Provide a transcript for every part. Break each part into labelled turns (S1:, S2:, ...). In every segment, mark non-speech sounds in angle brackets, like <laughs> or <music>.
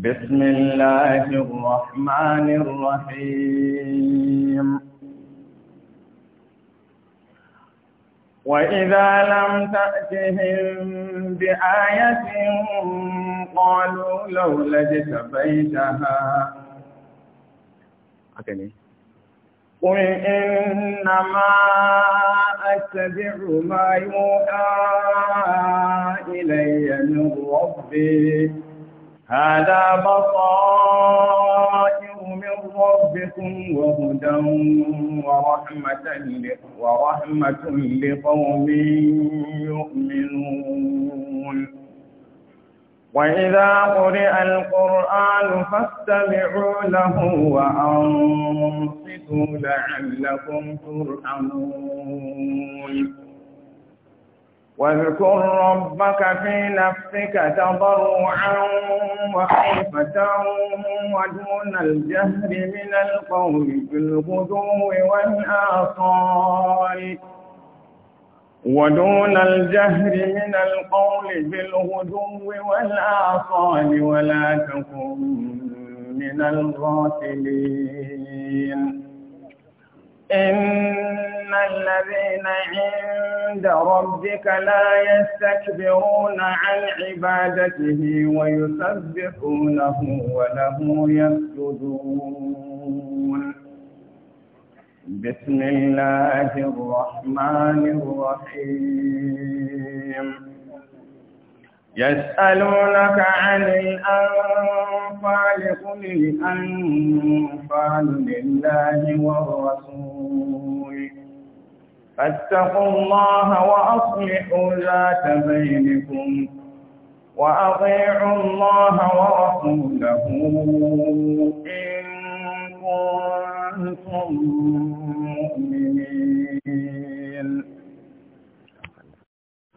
S1: بسم
S2: الله الرحمن الرحيم وإذا لم تأتهم بآية قالوا لولا اجتبيتها قل إنما أتبع ما يوحى إلي من ربي هذا بصائر من ربكم وهدى ورحمة ورحمة لقوم يؤمنون وإذا قرئ القرآن فاستمعوا له وأنصتوا لعلكم ترحمون واذكر ربك في نفسك تضرعا وخيفة ودون الجهر من القول الغدو والآصال ودون الجهر من القول الغدو والآصال ولا تكن من الغافلين إن الذين عند ربك لا يستكبرون عن عبادته ويسبحونه وله يسجدون بسم الله الرحمن الرحيم يسألونك عن الأنفال قل الأنفال لله والرسول فاتقوا الله وأصلحوا ذات بينكم وأطيعوا الله ورسوله إن كنتم مؤمنين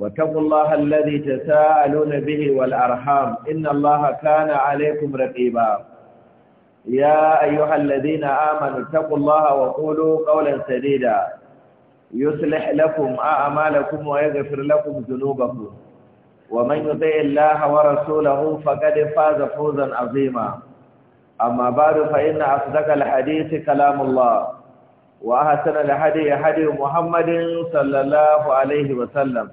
S1: واتقوا الله الذي تساءلون به والأرحام إن الله كان عليكم رقيبا يا أيها الذين آمنوا اتقوا الله وقولوا قولا سديدا يصلح لكم أعمالكم ويغفر لكم ذنوبكم ومن يطع الله ورسوله فقد فاز فوزا عظيما أما بعد فإن أصدق الحديث كلام الله وأحسن الحديث حديث محمد صلى الله عليه وسلم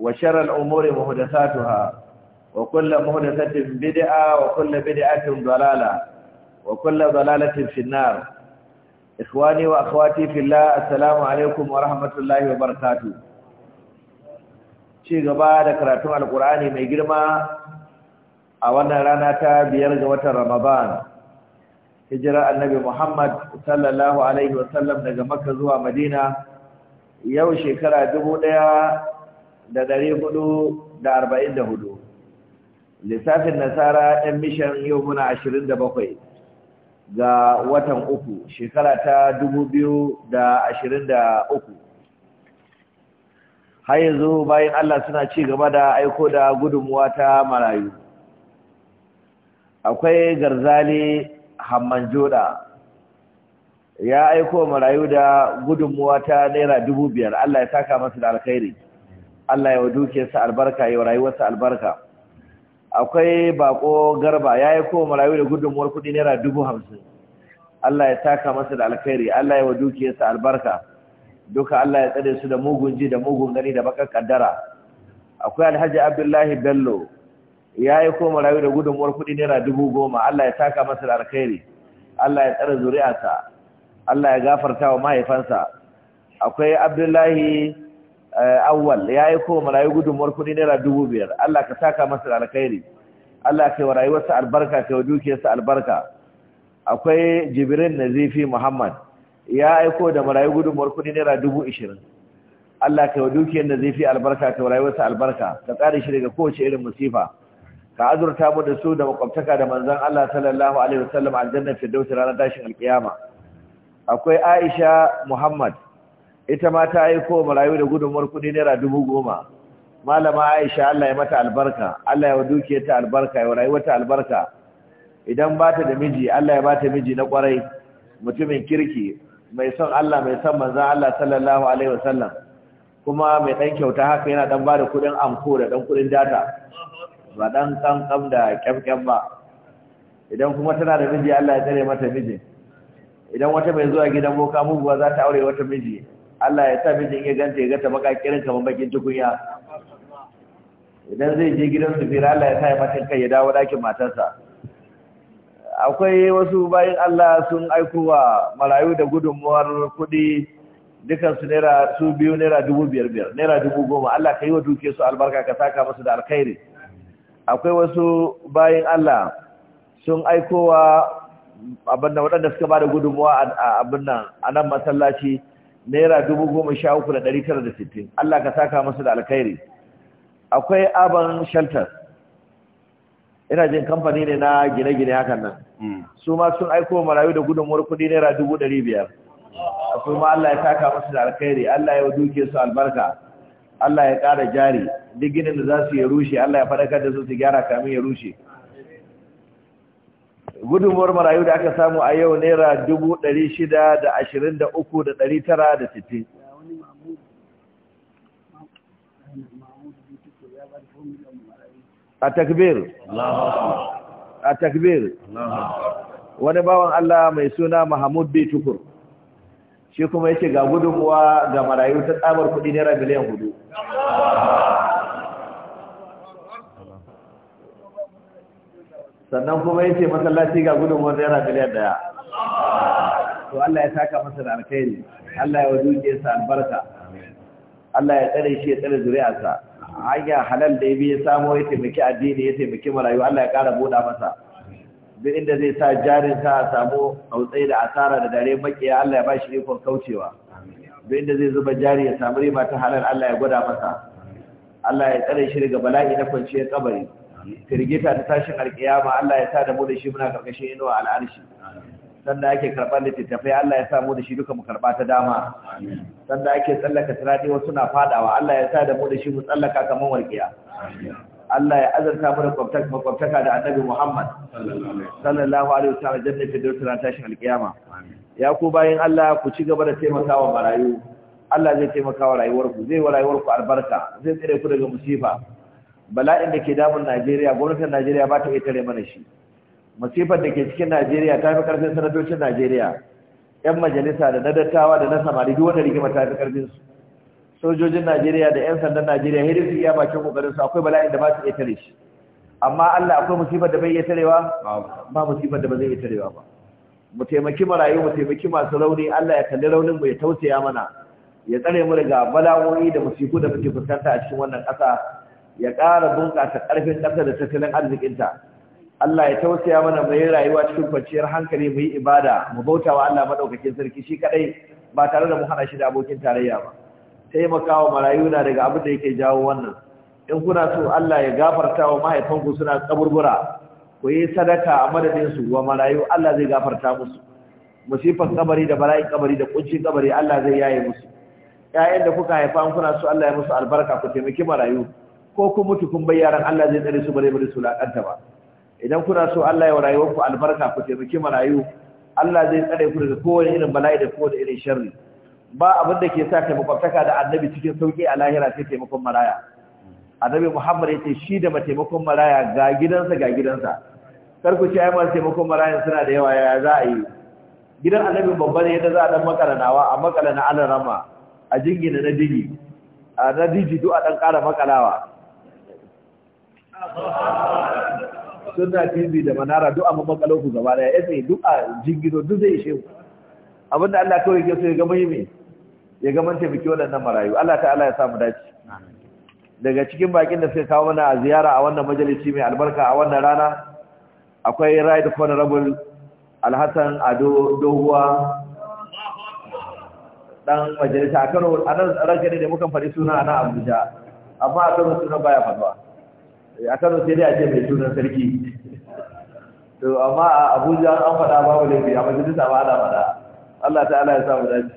S1: wa sharar umuri mahudasatu wa kulla mahudasatin bidi'a wa kulla bidi'atin dalala wa kulla dalalatin finnar ikhwani wa akhwati fillah assalamu alaikum wa rahmatullahi wa Ci gaba da karatun alqur'ani mai girma a wannan rana ta biyar ga watan ramadan hijira annabi muhammad sallallahu alaihi wa sallam daga makka zuwa madina yau shekara dubu daya da ɗari hudu da arba'in da hudu lissafin nasara ɗan mishan yau muna ashirin da bakwai ga watan uku shekara ta dubu biyu da ashirin da uku har yanzu bayan Allah suna ci gaba da aiko da gudunmuwa ta marayu akwai garzali hamman joda ya aiko marayu da gudunmuwa ta naira dubu biyar Allah ya saka masu da alkhairi Allah ya wa dukiyarsa albarka ya wa rayuwarsa albarka akwai bako garba ya yi marayu da gudunmuwar kuɗi naira dubu hamsin Allah ya taka masa da alkhairi Allah ya wa dukiyarsa albarka duka Allah ya tsare su da mugun ji da mugun gani da bakar kaddara akwai alhaji abdullahi bello ya yi marayu da gudunmuwar kuɗi naira dubu goma Allah ya taka masa da alkhairi Allah ya tsare zuri'arsa Allah ya gafarta wa mahaifansa akwai abdullahi Eh, awwal ya aiko marayu gudunmuwar kuɗi naira dubu biyar Allah ka saka masa alkhairi Allah kai wa rayuwarsa albarka ka wa dukiyarsa albarka akwai jibirin nazifi muhammad ya aiko da marayu gudunmuwar kuɗi naira dubu ishirin Allah kai wa dukiyar nazifi albarka kai wa rayuwarsa albarka ka tsare shi daga kowace irin musifa ka azurta mu da su da makwabtaka da manzon Allah sallallahu alaihi wasallam aljanna fi ranar tashin alkiyama akwai aisha muhammad ita ma ta yi aiko marayu da gudunmuwar kudi naira dubu goma malama aisha Allah ya mata albarka Allah ya duke ta albarka ya rayuwa ta albarka idan ba ta da miji Allah ya ba ta miji na kwarai mutumin kirki mai son Allah mai son manzan Allah sallallahu alaihi wasallam kuma mai dan kyauta haka yana dan ba da kudin amko da dan kudin data ba dan kankam da kyamkyam ba idan kuma tana da miji Allah ya tsare mata miji idan wata mai zuwa gidan boka muguwa za ta aure wata miji Allah ya sa mijin ya ganta ya ga baka kirin kamar bakin tukunya idan zai je gidan su fira Allah ya sa ya mata kai ya dawo dakin matarsa akwai wasu bayan Allah sun aikowa marayu da gudunmuwar kuɗi su naira su biyu naira dubu biyar biyar naira dubu goma Allah ka yi wa duke su albarka ka saka musu da alkhairi akwai wasu bayan Allah sun aikowa abin da waɗanda suka ba da gudunmuwa a abin nan a nan masallaci naira dubu goma sha uku da ɗari tara da sittin Allah ka saka masu da alkhairi akwai aban shelter ina jin kamfani ne na gine-gine hakan nan hmm. su ma sun aiko marayu da gudunmuwar kuɗi naira dubu ɗari biyar akwai ma Allah ya saka masu da alkhairi Allah ya duke su albarka Allah ya ƙara jari duk ginin da za su yi rushe Allah ya faɗakar da su su gyara kamin ya rushe gudunmuwar marayu da aka samu a yau naira dubu ɗari shida da ashirin da uku da ɗari tara da sittin a takbir wani bawan Allah mai suna Mahmud B Tukur shi kuma yake ga gudunmuwa ga marayu ta tsabar kuɗi naira miliyan hudu sannan kuma yace masallaci ga gudunmuwar naira miliyan daya to Allah ya saka masa da alkhairi Allah ya waduke sa albarka Allah ya tsare shi ya tsare zuri'arsa hanya halal da ya samo ya taimaki addini ya taimaki marayu Allah ya kara buɗa masa duk inda zai sa jarin sa a samu hautsai da asara da dare makiya Allah ya bashi ikon kaucewa duk inda zai zuba jari ya samu riba ta halal Allah ya gwada masa Allah ya tsare shi daga bala'i na kwanciyar kabari firgita ta tashin alkiyama Allah ya sa da mu da shi muna karkashin inuwa al'arshi sanda ake karɓar littattafai Allah ya sa mu da shi duka mu karɓa ta dama sanda ake tsallaka sirati wasu na fadawa Allah ya sa da mu da shi mu tsallaka kamar walƙiya Allah ya azarta mu da makwabtaka da annabi Muhammad sallallahu alaihi wasallam jannatin firdausi na tashin alkiyama ya ku bayin Allah ku ci gaba da taimakawa marayu Allah zai taimakawa rayuwarku zai wa rayuwarku albarka zai tsare ku daga musifa bala'in da ke damun Najeriya gwamnatin Najeriya ba ta ita mana shi musifar da ke cikin Najeriya ta fi karfin sanatocin Najeriya ƴan majalisa da na dattawa da na samari duk wanda rigima ta fi karfin su sojojin Najeriya da ƴan sandan Najeriya hidin su iya bakin kokarin su akwai bala'in da ba su ita shi amma Allah akwai musifar da bai iya tarewa ba musifar da ba zai iya tarewa ba mu taimaki marayu mu taimaki masu rauni Allah ya kalli raunin mu ya tausaya mana ya tsare mu daga bala'o'i da musiku da muke fuskanta a cikin wannan ƙasa ya ƙara bunƙasa ƙarfin ƙasa da tattalin arzikinta Allah ya tausaya mana mu rayuwa cikin kwanciyar hankali mu yi ibada mu bauta wa Allah madaukakin sarki shi kaɗai, ba tare da mu hana shi da abokin tarayya ba taimakawa marayu na daga abin da yake jawo wannan in kuna so Allah ya gafarta wa mahaifanku suna kaburbura ku yi sadaka a madadin su wa marayu Allah zai gafarta musu musifan kabari da bala'in kabari da kunci kabari Allah zai yaye musu ƴaƴan da kuka haifa kuna so Allah ya musu albarka ku taimaki marayu ko kun mutu kun bai yaran Allah zai tsare su bare bare su lakanta ba idan kuna so Allah ya rayuwar ku albarka ku taimaki marayu Allah zai tsare ku daga kowane irin bala'i da kowane irin sharri ba abin da ke sa ka makwabtaka da annabi cikin sauki a lahira sai taimakon maraya annabi Muhammad yace shi da mataimakon maraya ga gidansa ga gidansa kar ku ci ai ma taimakon maraya suna da yawa ya za a yi gidan annabi babba ne yadda za a dan makaranawa a makala na alarama a jingina na digi a na digi duk a dan kara makalawa suna tv da manara duk a mamakalo ku gaba daya ya sai duk a jingido duk zai ishe ku abinda Allah ta ke so ya gama yi mai ya gama taimaki waɗannan marayu Allah ta'ala ya samu dace daga cikin bakin da suka kawo mana a ziyara a wannan majalisi mai albarka a wannan rana akwai right honorable alhassan ado doguwa dan majalisa a kano a nan ranka ne da mukan faɗi suna a nan abuja amma a kan suna baya faɗuwa a kano sai dai a ce mai sunan sarki to amma a abuja an faɗa babu laifi a majalisa ba ana faɗa allah ta'ala ya samu dace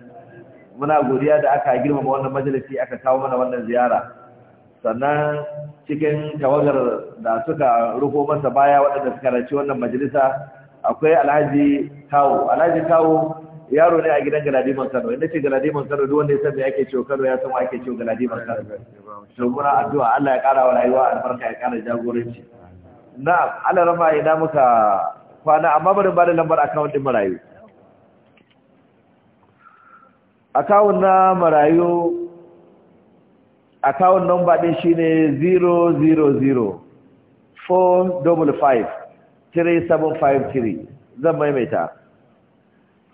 S1: muna godiya da aka girmama wannan majalisi aka kawo mana wannan ziyara sannan cikin tawagar da suka rufo masa baya waɗanda suka rance wannan majalisa akwai alhaji kawo alhaji kawo yaro ne a gidan galadiman Kano inda ce galadiman Kano duk wanda ya san me ake cewa Kano ya san me ake cewa galadiman Kano to muna addu'a Allah ya kara wa rayuwa albarka ya kara jagoranci na'am Allah rama ina muka kwana amma bari ba da lambar account din marayu account na marayu account number din shine 000 4 5 3 7 5 3 zan maimaita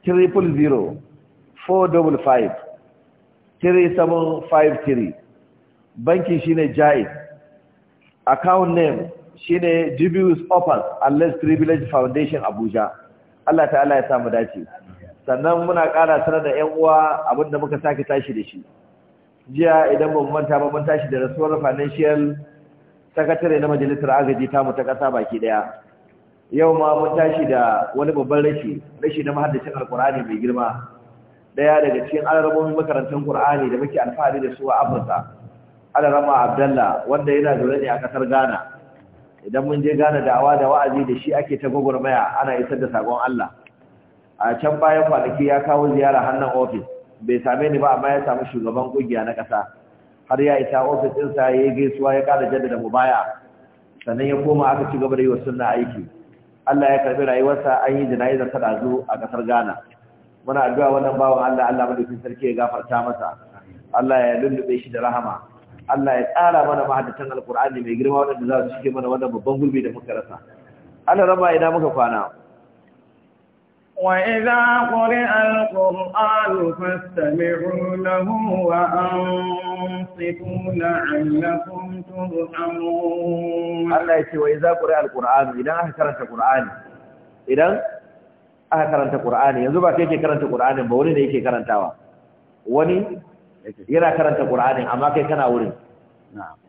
S1: triple zero four double five three seven five three banki shine jai account name shine dubious opens unless privilege foundation abuja Allah ta'ala ya samu dace sannan muna ƙara sanar da ƴan uwa abinda muka sake tashi da shi jiya idan mun manta ba mun tashi da rasuwar financial secretary na majalisar agaji ta mu ta ƙasa baki daya yau ma mun tashi da wani babban rashi rashi na mahaddacin alkur'ani mai girma daya daga cikin alarmomin makarantar qur'ani da muke alfahari da su a afirka alarama abdalla wanda yana zaune ne a kasar ghana idan mun je ghana awa da wa'azi da shi ake ta gwagwarmaya ana isar da sakon allah a can bayan kwanaki ya kawo ziyara hannun ofis bai same ni ba amma ya samu shugaban kungiya na kasa har ya isa ofis ɗinsa ya yi gaisuwa ya kara jaddada mu baya. sannan ya koma aka ci gaba da yi wa sunna aiki Allah ya karbi rayuwarsa an yi jana'izar ta zo a kasar Ghana muna addu'a wannan bawan Allah Allah madaukakin sarki ya gafarta masa Allah ya lullube shi da rahama Allah ya tsara mana mahaddatan alqur'ani mai girma wanda za su shige mana wannan babban gurbi da muka rasa Allah raba ina muka kwana
S2: وإذا قرئ القرآن فاستمعوا له وأنصتوا لعلكم
S1: ترحمون الله يتي وإذا قرئ القرآن إذا أهكرت القرآن إذا أهكرت القرآن ينزبع كيكي كرنت القرآن بولين إيكي كرنتاوا wani yana karanta Qur'ani amma kai kana wurin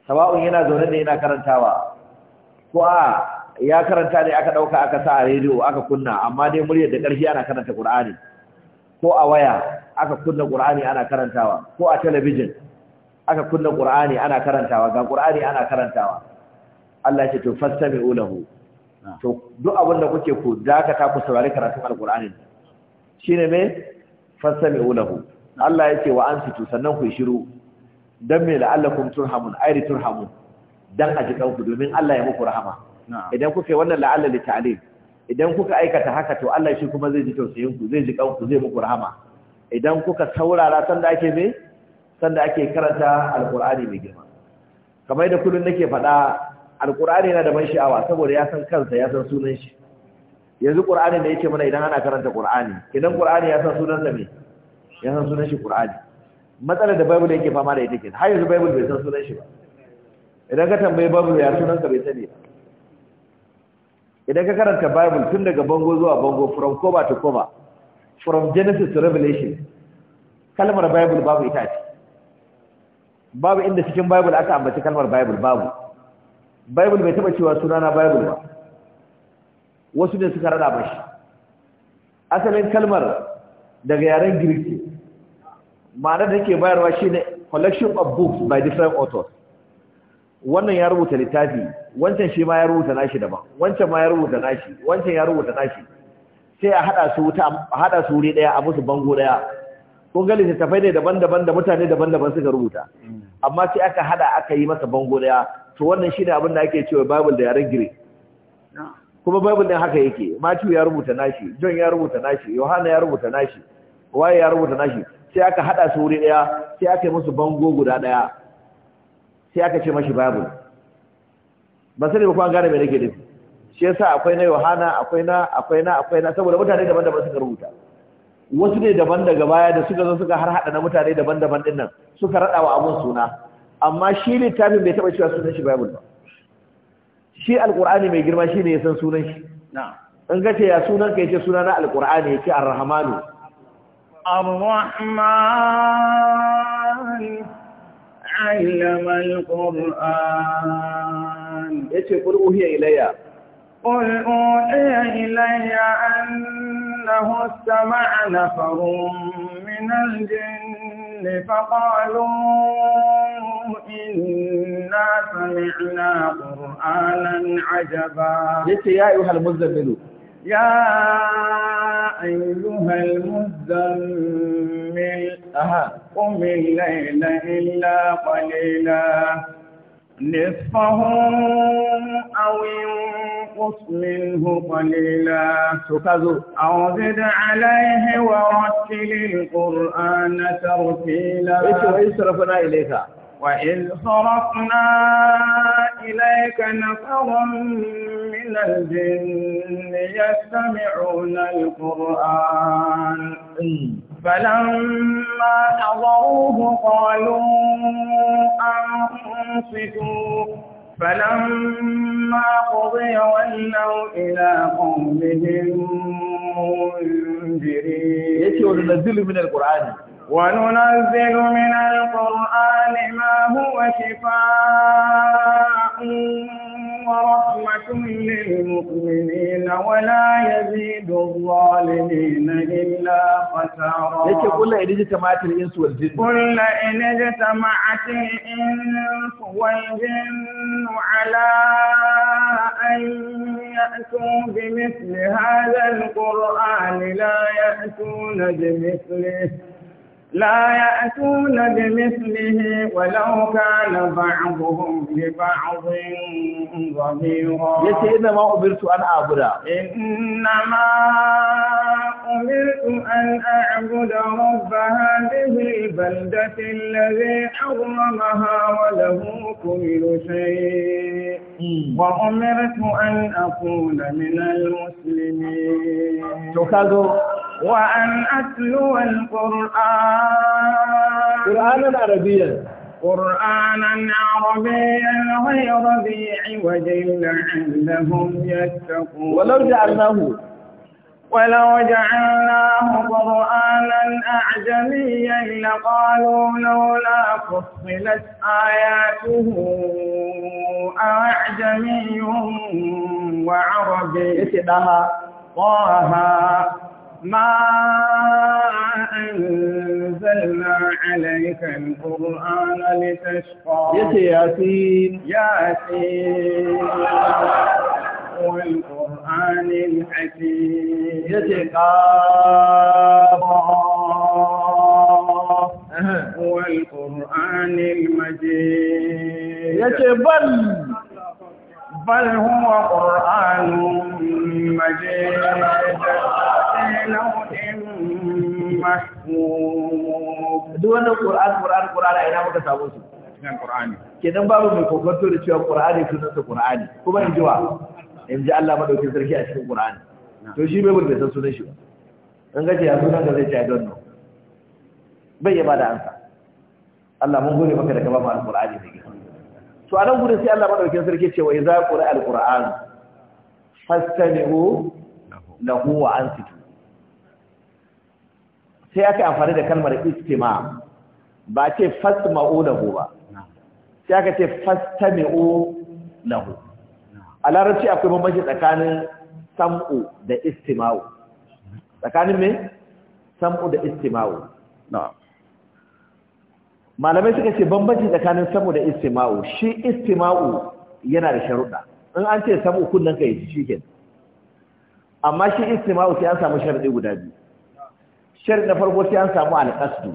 S1: sawa'un yana zaune ne yana karantawa ko a ya karanta ne aka ɗauka aka sa a rediyo aka kunna amma dai muryar da ƙarfi ana karanta Qur'ani ko a waya aka kunna Qur'ani ana karantawa ko a talabijin aka kunna Qur'ani ana karantawa ga Qur'ani ana karantawa Allah ya ce to fastami'u lahu ah. to duk abin da kuke ku ta ku saurari karatun Qur'ani shine me fastami'u lahu ah. Allah ya ce wa ansitu sannan ku shiru dan me la'allakum turhamun ayri turhamun dan aji kanku domin Allah ya muku rahama idan kuka yi wannan la'alla da ta'lim idan kuka aikata haka to Allah shi kuma zai ji tausayin ku zai ji kanku zai muku rahama idan kuka saurara sanda ake me da ake karanta alqur'ani mai girma kamar da kullun nake faɗa alqur'ani yana da ban sha'awa saboda ya san kansa ya san sunan shi yanzu qur'ani da yake mana idan ana karanta qur'ani idan qur'ani ya san sunan sa me ya san sunan shi qur'ani matsalar da bible yake fama da ita kenan har yanzu bible bai san sunan shi ba idan ka tambaye babu ya sunan ka bai sani ba idan ka karanta bible tun daga bango zuwa bango from cover to cover from genesis to revelation kalmar bible babu ita ce babu inda cikin bible aka ambaci kalmar bible babu bible bai taba cewa sunana bible ba wasu ne suka rada mashi asalin kalmar daga yaren girki ma'anar da ke bayarwa shine collection of books by different authors wannan ya rubuta littafi wancan shi ma ya rubuta nashi daban wancan ma ya rubuta nashi wancan ya rubuta nashi sai a hada su ta hada su wuri daya a musu bango daya kun ga littafai ne daban-daban da mutane daban-daban suka rubuta amma sai aka hada aka yi masa bango daya to wannan shine abin da ake cewa bible da yaren gire kuma bible din haka yake Matthew ya rubuta nashi John ya rubuta nashi Yohana ya rubuta nashi waye ya rubuta nashi sai aka hada su wuri daya sai aka yi musu bango guda daya sai aka ce mashi babu ba sai ba kwan an gane me nake nufi shi yasa akwai na Yohana akwai na akwai na akwai na saboda mutane daban-daban suka rubuta wasu ne daban daga baya da suka zo suka har hada na mutane daban-daban dinnan, nan suka rada wa abun suna amma shi littafin bai taba cewa sunan shi Bible ba shi alqur'ani mai girma shi ne ya san sunan shi in ka ce ya sunan ka yace suna na alqur'ani yace ar-rahmanu
S2: علم القرآن يتي قل أوهي إلي قل أوحي إلي أنه استمع نفر من الجن فقالوا إنا سمعنا قرآنا عجبا يتي
S1: يا أيها المزمل
S2: يا أيها المزمل قم الليل إلا قليلا نصفه أو ينقص منه قليلا أو زد عليه ورتل القرآن ترتيلا ايش صرفنا إليك وإذ صرفنا إليك نفرا من الجن يستمعون القرآن فلما حضروه قالوا أنصتوا فلما قضي ولوا إلى قومهم منذرين. يأتي من القرآن وننزل من القرآن ما هو شفاء ورحمة للمؤمنين ولا يزيد الظالمين إلا خسارا قل إن
S1: اجتمعت الإنس والجن قل
S2: إن اجتمعت الإنس والجن على أن يأتوا بمثل هذا القرآن لا يأتون بمثله لا يأتون بمثله ولو كان بعضهم لبعض ظهيرا يتي إنما أمرت أن أعبد إنما أمرت أن أعبد رب هذه البلدة الذي حرمها وله كل شيء وأمرت أن أكون من المسلمين وأن أتلو القرآن قرآنا عربيا قرآنا عربيا غير ذي عوج لعلهم يتقون ولو جعلناه ولو جعلناه قرآنا أعجميا لقالوا لولا فصلت آياته أعجمي وعربي طه ما أنزلنا عليك القرآن لتشقى ياسين ياسين والقرآن الحكيم يتقى والقرآن المجيد يتبل بل هو قرآن
S1: مجيد في لوح محفوظ دون القرآن قرآن قرآن أين مكة سابوسه nan Qur'ani kenan babu mai kokonto da cewa Qur'ani sunansa Qur'ani kuma in ji wa in ji Allah madaukin sarki a cikin Qur'ani to shi bai bai san sunan shi ba An gaje ya sunan da zai ci don nan. bai yaba da ansa Allah mun gode maka da gaba ba mu al da mai to a nan gudun sai Allah maɗaukin sarki ce wa iza ƙura al-ƙura'an fastanihu lahu wa an sai aka amfani da kalmar istima ba ce fasma'u lahu ba sai aka ce fastami'u lahu a larabci akwai bambanci tsakanin sam'u da istima'u mm-hmm. tsakanin me sam'u da istima'u na'am malamai suka ce bambanci tsakanin samu da istima'u shi istima'u yana da sharuɗa in an ce samu ka yi shi ke amma shi istima'u sai an samu sharuɗi guda biyu sharuɗi na farko sai an samu alƙasdu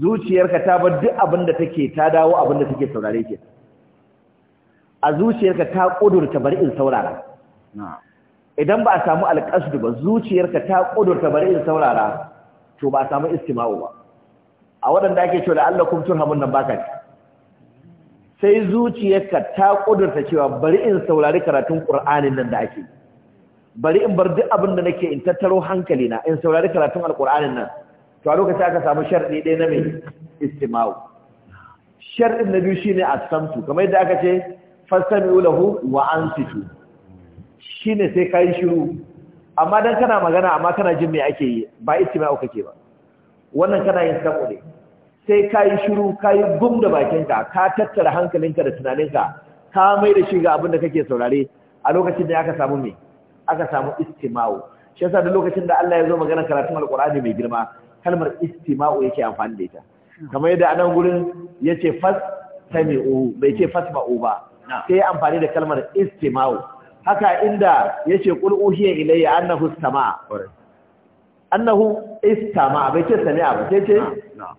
S1: zuciyarka ta bar duk abin da take ta dawo abin da take saurare ke a zuciyarka ta ƙudurta bari in saurara idan ba a samu alƙasdu ba zuciyarka ta ƙudurta bari in saurara to ba a samu istima'u ba a waɗanda ake cewa Allah tun hamun nan baka sai zuciyarka ta kudurta cewa bari in saurari karatun Qur'anin nan da ake bari in bar duk abin da nake in tattaro hankali na in saurari karatun Al-Qur'anin nan to a lokacin aka samu sharɗi ɗaya na mai istima'u sharɗin na biyu shine a samtu kamar yadda aka ce fasami lahu wa ansitu shine sai kai shiru amma dan kana magana amma kana jin me ake yi ba istima'u kake ba wannan kana yin sabo ne sai ka yi shiru ka yi gum da bakinka ka tattara hankalinka da tunaninka ka mai da shi ga abin da kake saurare a lokacin da aka samu me aka samu istima'u shi yasa da lokacin da Allah ya zo magana karatun alqur'ani mai girma kalmar istima'u yake amfani da ita kamar yadda anan gurin yace fas sami'u bai ce fasma'u ba sai amfani da kalmar istima'u haka inda yace qul uhiya ilayya annahu sama'a annahu istama'a bai ce sami'a ba sai ce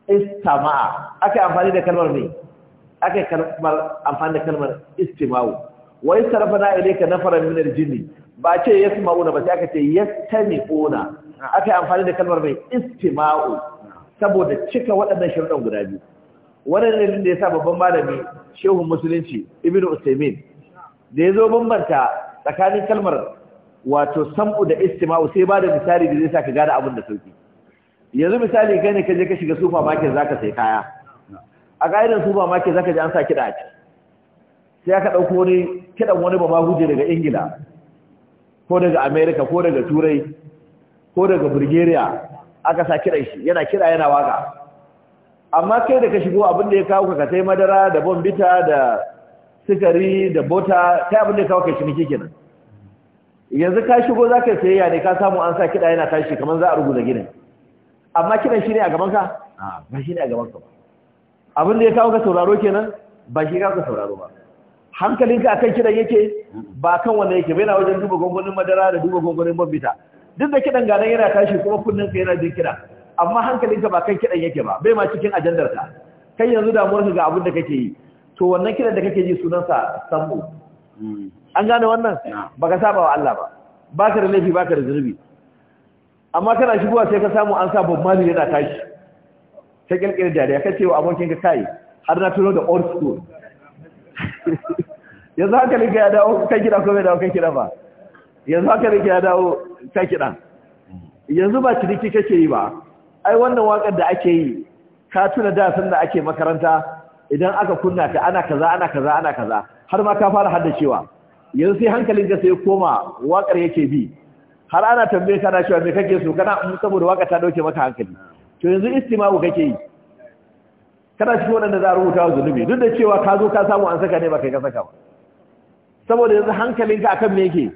S1: istama'a aka amfani da kalmar ne aka kalmar amfani da kalmar istima'u wa istarafana ilayka nafaran min aljinni ba ce yasma'una ba sai aka ce yastami'una aka amfani da kalmar mai istima'u saboda cika waɗannan shirɗan guda biyu wannan dalilin da ya sa babban malami shehu musulunci ibnu usaimin da ya zo bambanta tsakanin kalmar wato sam'u da istima'u sai ba da misali da zai sa ka gane abin da sauki yanzu misali kai ne ka je ka shiga Supermarket zaka sai kaya a ga'idan Supermarket zaka ji an sa kiɗa a sai aka ɗauko wani kiɗan wani ba huje daga ingila ko daga america ko daga turai ko daga bulgaria aka sa kiɗan shi yana kiɗa yana waka amma kai da ka shigo abin da ya kawo ka sai madara da bombita da sukari da bota kai abin da ya kawo ka ciniki kenan yanzu ka shigo za ka sayayya ne ka samu an sa kiɗa yana tashi kamar za a rubuta ginin, amma kiɗan shi ne a gaban ka ba shi ne a gaban ka ba abin da ya kawo ka sauraro kenan ba shi ka sauraro ba hankalinka a kan kiɗan yake ba kan wanda yake bai na wajen duba gwangwanin madara da duba gwangwanin bambita duk da kiɗan ganan yana tashi kuma kunnen ka yana jin kiɗa amma hankalinka ba kan kiɗan yake ba bai ma cikin ajandar ka kai yanzu damuwarka ga abin da kake yi to wannan kiɗan da kake ji sunansa sambo hmm. an gane wannan ba ka saba wa Allah ba Ba ka da laifi ba ka da zurbi amma kana shigowa sai ka samu an sa Bob Marley yana tashi ta kirkir dariya kace wa abokin ka kai har na tuno da old school <laughs> yanzu haka ne ya dawo kai kira ko bai dawo kai kira ba yanzu haka ne ya dawo kai kira yanzu ba ciniki kake yi ba ai wannan wakar da ake yi ka tuna da sun da ake makaranta idan aka kunna ka ana kaza ana kaza ana kaza har ma ka fara haddacewa yanzu sai hankalin ka sai koma wakar yake bi har ana tambaye na cewa me kake so kana saboda waka ta dauke maka hankali to yanzu istima'u kake yi kana wannan wadanda za rubuta wa zunubi duk da cewa ka zo ka samu an saka ne baka kai ka saka ba saboda yanzu ka akan me yake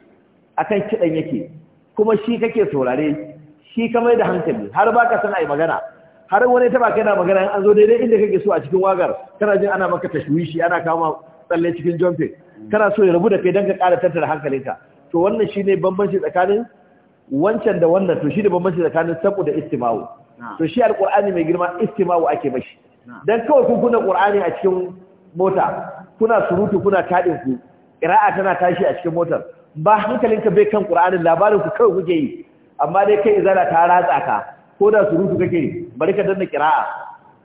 S1: akan kidan yake kuma shi kake saurare shi ka mai da hankali har ba san ai magana har wani ta baka yana magana an zo daidai inda kake so a cikin wagar kana jin ana maka tashwishi ana kama tsalle cikin jumping kana so ya rabu da kai don ka ƙara tattara hankalinka to wannan shine bambanci tsakanin wancan da wannan to shine bambanci tsakanin sabu da istimawu to shi alqur'ani mai girma istimawu ake bashi dan kawai kun kuna qur'ani a cikin mota kuna surutu kuna tadin ku qira'a tana tashi a cikin motar ba hankalinka bai kan qur'anin labarin ku kawai kuke yi amma dai kai izala ta ratsa ka ko da surutu kake bari ka danna qira'a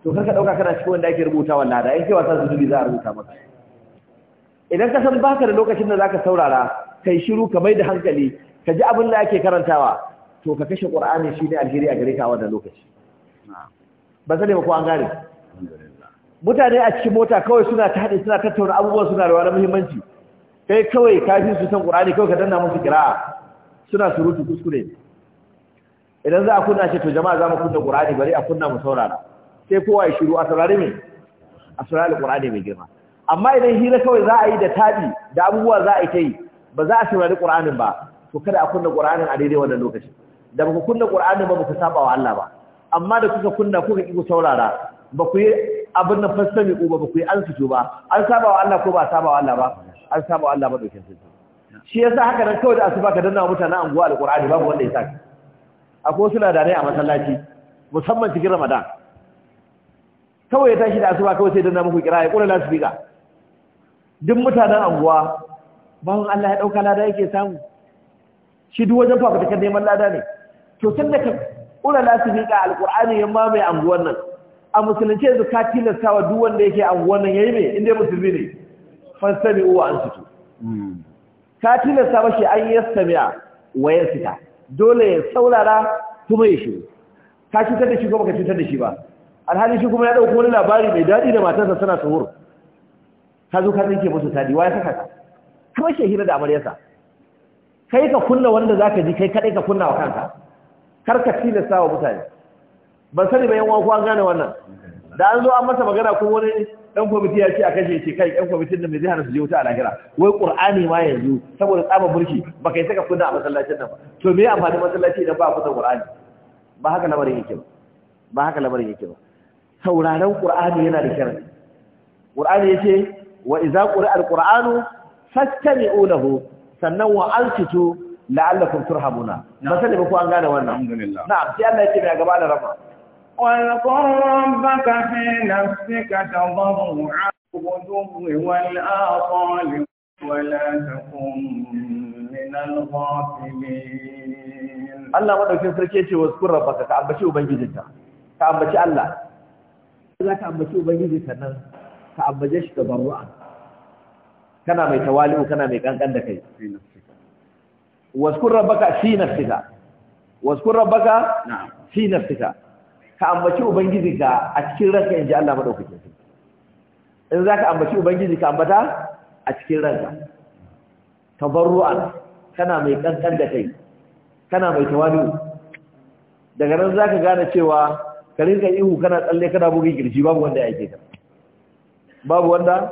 S1: to karka dauka kana cikin wanda ake rubutawa lada in kai wasa su za a rubuta maka idan ka san baka da lokacin da zaka saurara kai shiru ka mai da hankali ka ji abin da ake karantawa to ka kashe qur'ani shi ne alheri a gare ka wannan lokaci ba sai ba ko an gane mutane a cikin mota kawai suna ta hade suna tattauna abubuwa suna rawa na muhimmanci kai kawai kafin su san qur'ani kawai ka danna musu kira'a suna surutu kuskure idan za a kunna ce to jama'a za mu kunna qur'ani bari a kunna mu saurara sai kowa ya shiru a saurari me a saurari qur'ani mai girma amma idan hira kawai za a yi da taɗi da abubuwa za a yi ta yi ba za a saurari ƙura'anin ba to kada a kunna ƙura'anin a daidai wannan lokaci da ba ku kunna ƙura'anin ba ba ku saba wa Allah ba amma da kuka kunna ko ƙi ku saurara ba ku yi abin nan fassami ko ba ba ku yi an fito ba an saba wa Allah ko ba saba wa Allah ba an saba wa Allah ba dokin sun
S2: shi yasa haka nan kawai da asuba
S1: ka danna mutane anguwa alƙur'ani babu wanda ya saka akwai wasu ladanai a masallaci musamman cikin Ramadan kawai ya tashi da asuba kawai sai danna muku kira ya kula lasbika duk mutanen anguwa wani Allah ya ɗauka lada yake samu shi duk wajen fafutukar neman lada ne to tun da ka ƙura lasu miƙa alƙur'ani ya mamaye anguwan nan a musulunci yanzu ka tilasta wa duk wanda yake anguwan nan ya yi ne? inda musulmi ne fansami uwa an fito hmm. ka tilasta ba shi an yi samiya wa sita dole ya saurara kuma ya shiru ka cutar da shi ko baka cutar da shi ba alhali shi kuma ya ɗauko wani labari mai daɗi da matarsa suna tsohuwar ka zo ka tsinke musu tadi ya saka ka kuma shehira da amaryarsa kai ka kunna wanda zaka ji kai kaɗai ka kunna wa kanka kar ka tilasta wa mutane ban sani ba yan uwa ko an gane wannan da an zo an masa magana ko wani dan kwamiti ya ce a kashe ce kai yan kwamitin da mai zai hana su je wuta a lahira wai qur'ani ma yanzu saboda tsaba burki ba kai saka kunna a masallacin nan ba to me amfani masallaci idan ba a da qur'ani ba haka lamarin yake ba ba haka lamarin yake ba sauraron qur'ani yana da kiran qur'ani yace wa idza quri'a alqur'anu fastami'u lahu sannan wa ansitu la'allakum turhamuna ba sai ba ku an gane wannan na'am sai Allah yake mai gaba da rafa
S2: وَاذْكُر رَّبَّكَ فِي Allah
S1: madaukin sarki yace wasu rabbaka ka ambaci Ubangijinta, ka ambaci Allah za ka ambaci Ubangijinta nan ka ambace shi barru'a kana mai tawali'u kana mai kankan da kai waskur rabbaka fi nafsika waskur rabbaka fi nafsika ka ambaci ubangiji ka a cikin ranka inji Allah madaukakin sarki in zaka ambaci ubangiji ka ambata a cikin ranka tabarru'an kana mai kankan da kai kana mai tawali'u daga nan zaka gane cewa ka rinka ihu kana tsalle kana bugi girji babu wanda ya ke ka babu wanda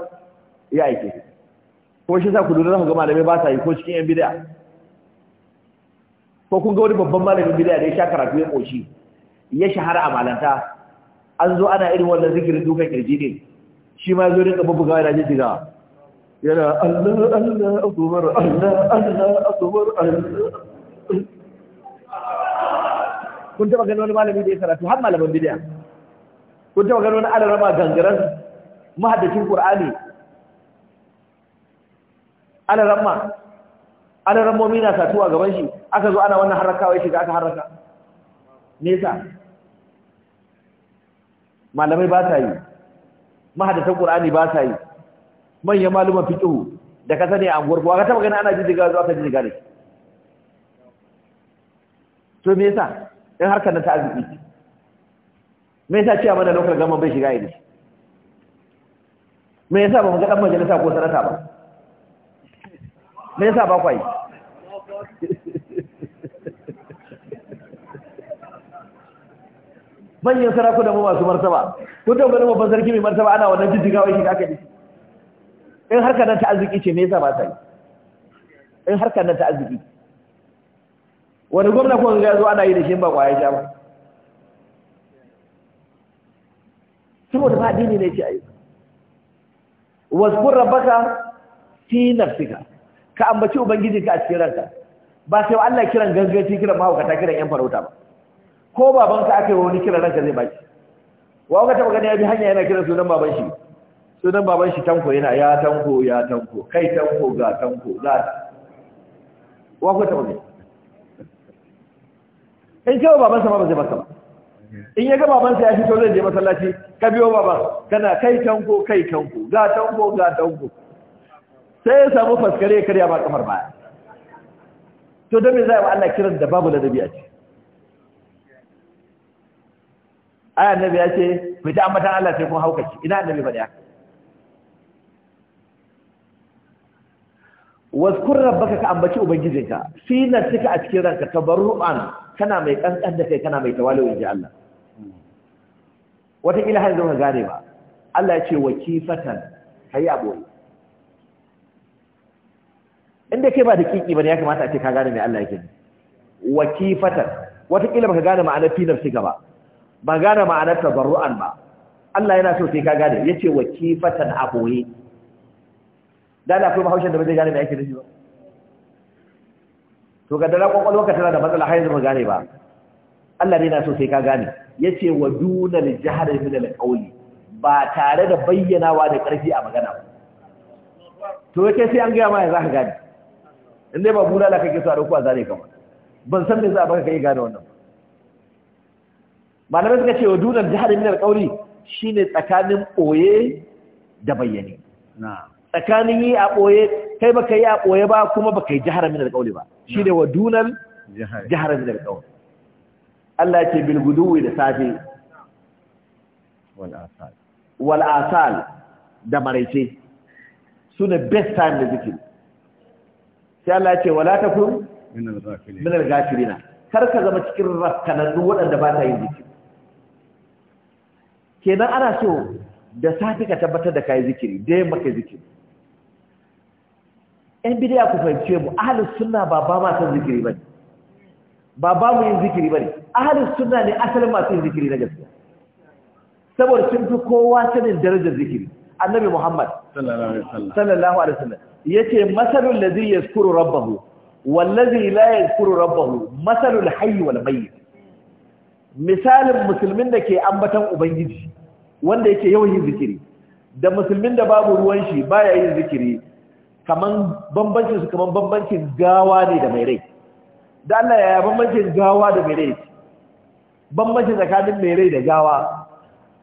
S1: ya aike ko shi sa ku dole zama ga malamai ba sa yi ko cikin yan bid'a ko kun ga wani babban malamin bid'a da ya sha karatu ya koshi ya shahara a malanta an zo ana irin wannan zikirin dukan kirji ne shi ma zo rinka bubbugawa yana jin jiga yana Allah Allah akbar Allah Allah akbar Allah kun taba ganin wani malami da ya karatu har malaman bid'a kun taba ganin wani alarama gangaran mahaddacin qur'ani alaramma alarammomi na satuwa gaban shi aka zo ana wannan harakawa ya shiga aka haraka nesa malamai ba sa yi mahaddatan qur'ani ba sa yi manyan maluman fito da ka sani a gurbu aka taba gani ana jijjiga zuwa ka jijjiga da to me yasa in harkar na ta arziki me yasa cewa mana lokacin gama bai shiga yi me yasa ba mu ga dan majalisa ko sanata ba me yasa ba kwai manyan sarakuna mu masu martaba ko da wani babban sarki mai martaba ana wannan jijjigawa shi kaka dace in harkar nan ta arziki ce me yasa ba ta yi in harkar nan ta arziki wani gwamna kuma ga zo ana yi da shi ba kwaya ja ba saboda ba addini ne ce yi. wazkur rabbaka fi nafsika ka ambaci ka a cikin ranka ba sai Allah kiran gangaci kiran mahaukata kiran yan farauta ba ko baban ka aka yi wani kiran ranka zai baki wa ka taba gani ya bi hanya yana kiran sunan baban shi sunan baban shi tanko yana ya tanko ya tanko kai tanko ga tanko za wa ka taba gani in kawo babansa ma ba zai masa ba in ya ga babansa ya fito zai je masallaci ka biyo baba kana kai tanko kai tanko ga tanko ga tanko sai ya samu faskare ya karya ba kamar baya to da me zai ba Allah kiran da babu da dabi'a ce aya annabi ya ce ku ta ambatan Allah sai kun haukaci ina annabi ba da zkur rabbaka ka ambaci ubangijinka fi tika a cikin ranka tabarru'an kana mai kankan da kai kana mai tawali'u ji Allah wata kila har zama gane ba Allah ya ce wa kifatan kai aboyi inda kai ba da kiki bane ya kamata a ce ka gane mai Allah yake wa kifatan wata ba baka gane ma'anar fi nafsi ba ba gane ma'anar tabarru'an ba Allah yana so sai ka gane yace wa kifatan aboyi da Allah akwai bahaushen da bai gane mai ake shi ba to ga dara kwakwalwa ka tana da matsala har yanzu ba gane ba Allah ne na so sai ka gane yace wa dunal jahar min al qawli ba tare da bayyanawa da ƙarfi a magana ba to yake sai an gaya ma ya zaka gane in dai ba bulala kake so a dauko a zare ka ban san me za a baka kai gane wannan malama suka ce wa dunan jahar min qawli shine tsakanin ɓoye da bayyane tsakanin yi a ɓoye kai baka yi a ɓoye ba kuma baka yi jihar min alƙawli ba shi ne wa dunan jihar min alƙawli Allah ce bilguduwi da safe wal'asal da maraice su ne best time da zikiri sai Allah ce wala latakun minar min kar ka zama cikin rafkanannu waɗanda ba ta yin zikiri kenan ana so da safe ka tabbatar da kayi zikiri da yamma maka zikiri yan bidiya ku fahimce mu ahalin suna ba ba masu zikiri ba ne ba ba mu yin zikiri ne ahalin suna ne asalin masu yin zikiri na gaske. saboda sun fi kowa sanin darajar zikiri annabi muhammad sallallahu alaihi wasallam masarun lazi ya skuru rabbahu wallazi la skuru rabbahu masarun hayi wal bayi misalin musulmin da ke ambatan ubangiji wanda yake yawan yin zikiri da musulmin da babu ruwan shi baya yin zikiri kaman bambancin su kaman bambancin gawa ne da mai rai da Allah ya bambancin gawa da mai rai bambancin tsakanin mai rai da gawa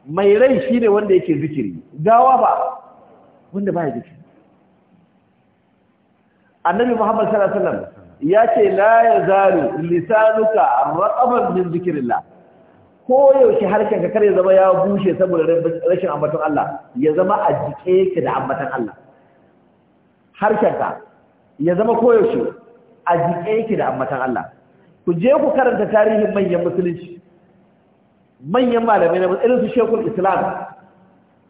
S1: mai rai shine wanda yake zikiri gawa ba wanda ba ya zikiri annabi Muhammad sallallahu alaihi wasallam ya ce la yazalu lisanuka raqaban min zikrillah ko yaushe harshen ka kare zama ya bushe saboda rashin ambaton Allah ya zama a jike ka da ambaton Allah ka, ya zama koyaushe a jike yake da ammatan Allah ku je ku karanta tarihin manyan musulunci manyan malamai na irin su shekul islam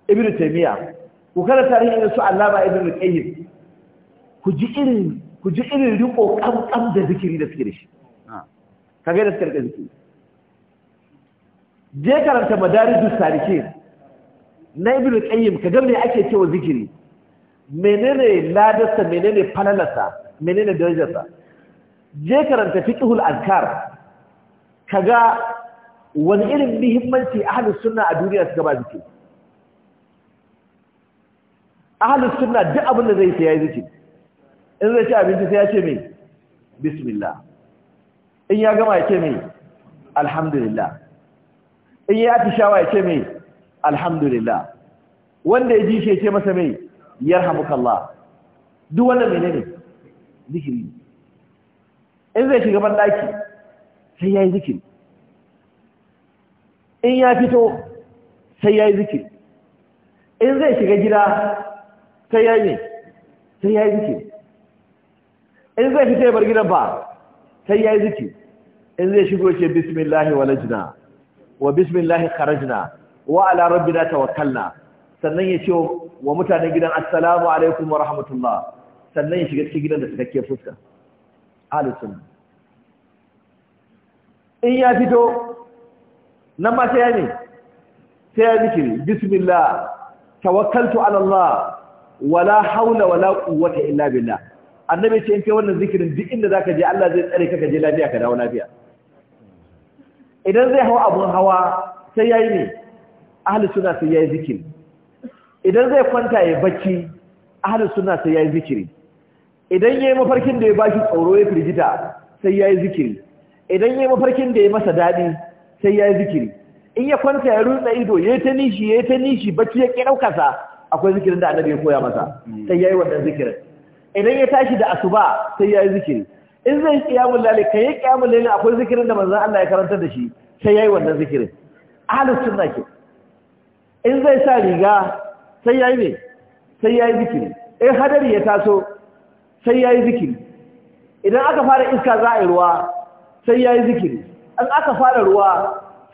S1: ibn taymiya ku karanta tarihin su allama ibn qayyim ku ji irin ku ji irin riko kankan da zikiri da suke da shi kage da suke da zikiri je karanta madarijus salikin na ibn qayyim kaga me ake cewa zikiri menene ladarsa menene falalarsa menene darajarsa je karanta fiqhul azkar kaga wani irin muhimmanci ahli sunna a duniya suka ba zuke ahli sunna duk abin da zai sai yayi in zai ci abinci sai ya ce me bismillah in ya gama ya ce me alhamdulillah in ya atishawa ya ce me alhamdulillah wanda ya ji shi ya ce masa mai yarhamukallah duk wannan menene zikiri in zai shiga ban daki sai yayi zikiri in ya fito sai yayi zikiri in zai shiga gida sai yayi sai yayi zikiri in zai fita bar gidan ba sai yayi zikiri in zai shigo ce bismillah Walajina wa bismillah kharajna wa ala rabbina tawakkalna sannan ya ce wa mutanen gidan assalamu alaikum wa rahmatullah sannan ya shiga cikin gidan da cikakke fuska alisun in ya fito nan ma sai ya ne sai ya zikiri bismillah tawakkaltu ala Allah wala hawla wala quwwata illa billah annabi ce in kai wannan zikirin duk inda zaka je Allah zai tsare ka ka je lafiya ka dawo lafiya idan zai hawa abun hawa sai yayi ne ahli sunna sai yayi zikiri idan zai kwanta ya bacci ahalus suna sai ya yi zikiri idan ya yi mafarkin da ya bashi tsoro ya firgita sai ya yi zikiri idan ya yi mafarkin da ya masa daɗi sai ya yi zikiri in ya kwanta ya rutsa ido ya yi ta nishi ya yi ta nishi bacci ya ƙi akwai zikirin da annabi ya koya masa sai ya yi wannan zikirin idan ya tashi da asuba sai ya yi zikiri in zai yi ƙiyamun lalle ka yi kiyamun lalle akwai zikirin da manzan Allah ya karanta da shi sai ya yi wannan zikirin ahalus suna ke in zai sa riga sai ya yi ne sai ya yi zikiri In eh, hadari ya taso sai ya yi zikiri idan aka fara iska za a yi ruwa sai ya yi zikiri In aka fara ruwa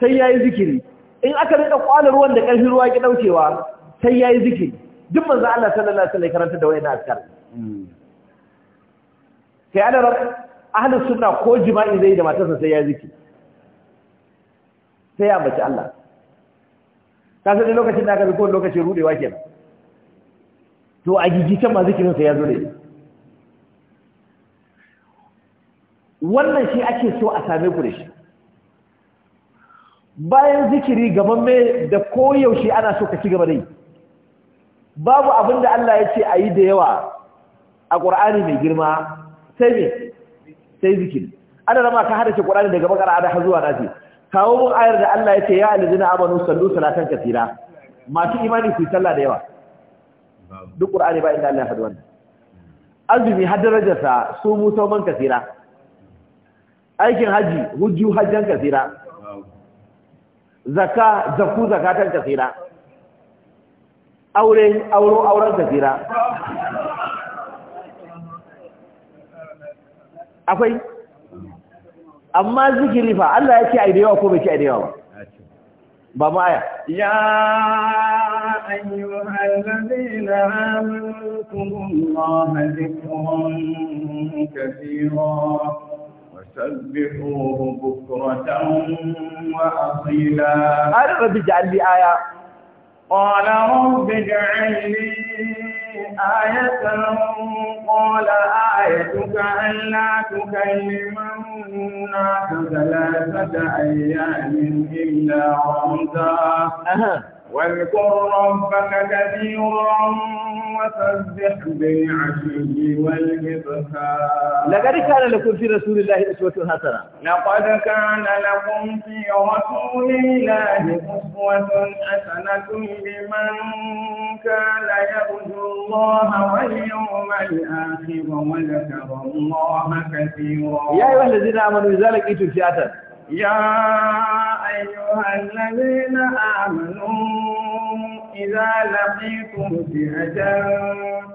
S1: sai ya yi zikiri in aka rika kwana ruwan da ƙarfi ruwa ki daukewa sai ya yi zikiri duk manzo Allah sallallahu alaihi wasallam karanta da wayannan askar. kai ana ahlus sunna ko jima'i zai da matarsa sai ya yi zikiri sai ya bace Allah ta sai lokacin da aka zo ko lokacin rudewa kenan to a gigita ma zikirinsa ya zo wannan shi ake so a same ku da shi bayan zikiri gaban mai da koyaushe ana so ka ci gaba dai babu abin da Allah ya ce a yi da yawa a ƙur'ani mai girma sai me sai zikiri ana rama ka hada ce daga bakara ada zuwa nafi kawo mun ayar da Allah ya ce ya alladina amanu sallu salatan kasira. masu imani ku sallah da yawa duk Al-ƙur'ani ba inda Allah ya faɗi wannan azumi har darajarsa su mu sauman kasira aikin haji hujju hajjan kasira zaka zaku zakatan kasira aure auro auren kasira akwai amma zikiri fa Allah ya ce yi da yawa ko bai ce ai da yawa ba ba ma aya
S2: ya زعمتم الله ذكرا كثيرا وسبحوه بكرة وأصيلا قال رب اجعل لي آية قال رب اجعل لي آية قال آيتك ألا تكلم الناس ثلاثة أيام إلا رمزا واذكر ربك كثيرا وسبح بالعشي والإبكار لقد كان
S1: لكم في رسول الله أسوة
S2: حسنة لقد كان لكم في رسول الله أسوة حسنة لمن كان يرجو الله واليوم الآخر وذكر الله كثيرا يا أيها الذين
S1: آمنوا إذا لقيتم فئة
S2: يا أيها الذين آمنوا إذا لقيتم فئة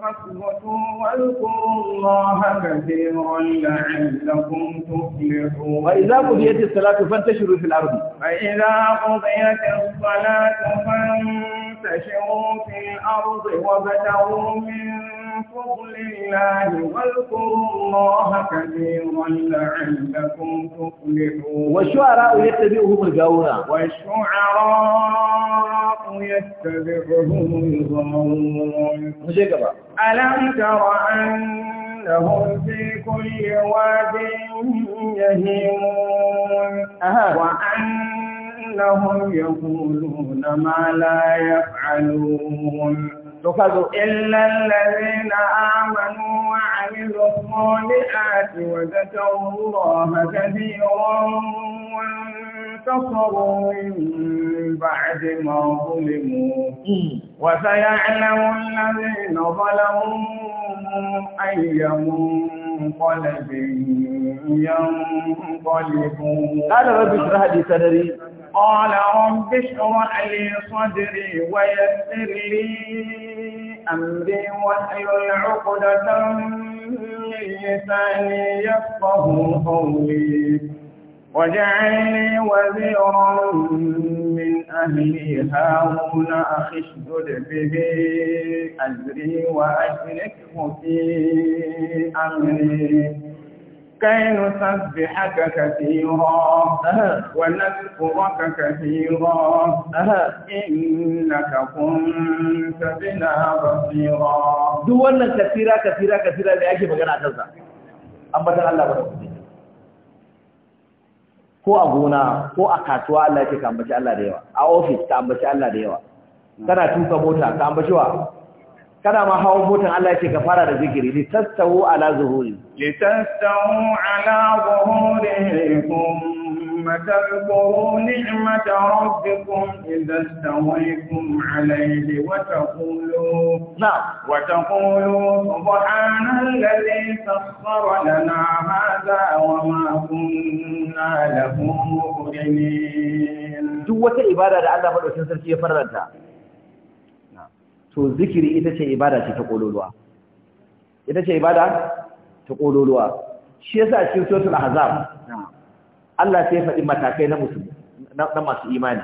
S2: فاثبتوا واذكروا الله كثيرا
S1: لعلكم تفلحون وإذا قضيت الصلاة فانتشروا في الأرض
S2: فإذا قضيت الصلاة فانتشروا في الأرض وابتغوا من فضل الله واذكروا الله كثيرا لعلكم تفلحون والشعراء يتبعهم الغاوون والشعراء يتبعهم الغاوون ألم تر أنهم في كل واد يهيمون وأنهم يقولون ما لا يفعلون تخذوا إلا الذين آمنوا وعملوا الصالحات وذكروا الله كثيرا وانتصروا من بعد ما ظلموا وسيعلم الذين ظلموا أي منهم قلب ينقلبون قال رب اشرح لي صدري قال رب اشرح لي صدري ويسر لي أمري واحلل عقدة من لساني يفقه قولي واجعل لي وزيرا من أهلي هارون أخي اشدد به أجري وأشركه في أمري كي نسبحك كثيرا ونذكرك كثيرا
S1: إنك كنت بنا بصيرا دو wannan kasira kasira kasira da yake magana kansa ambatan Allah barkatu ko a gona ko a kasuwa Allah yake ka ambaci Allah da yawa a office ka ambaci Allah da yawa kana tuka mota ka ambaci wa kana ma hawo motan Allah yake ka fara da zikiri li ala zuhuri li
S2: tastawu ala zuhurikum ثم تذكروا نعمة ربكم إذا استويكم عليه وتقولوا نعم وتقولوا سبحان الذي سخر لنا هذا وما
S1: كنا له مؤمنين duk wata ibada da Allah madaukakin sarki ya faranta to zikiri ita ce ibada ce ta kololuwa ita ce ibada ta kololuwa shi yasa cikin suratul ahzab Allah sai faɗi matakai na musulmi na masu imani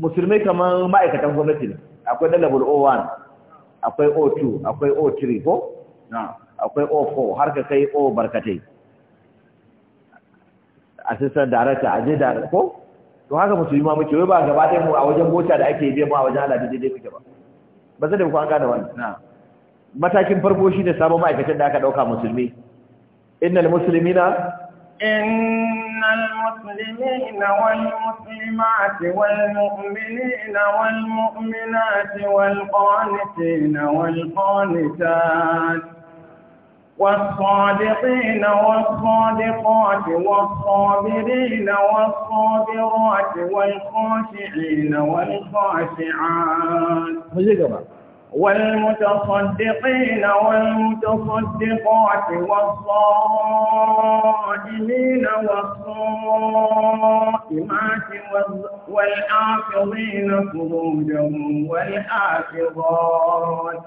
S1: musulmai kamar ma'aikatan gwamnati ne akwai na O 1 akwai O O2, akwai O3 ko akwai O4 har ka kai O barkatai assistant director aje da ko to haka musulmi ma muke wai ba gaba ɗaya mu a wajen bota da ake biya mu a wajen alaji daidai kuke ba ba zai da ku gane wani. matakin farko ne sabon ma'aikatan da aka ɗauka musulmi innal muslimina
S2: إن المسلمين والمسلمات والمؤمنين والمؤمنات والقانتين والقانتات والصادقين والصادقات والصابرين والصابرات والخاشعين والخاشعات والمتصدقين والمتصدقات والصائمين والصائمات والآفضين فروجهم والآفضات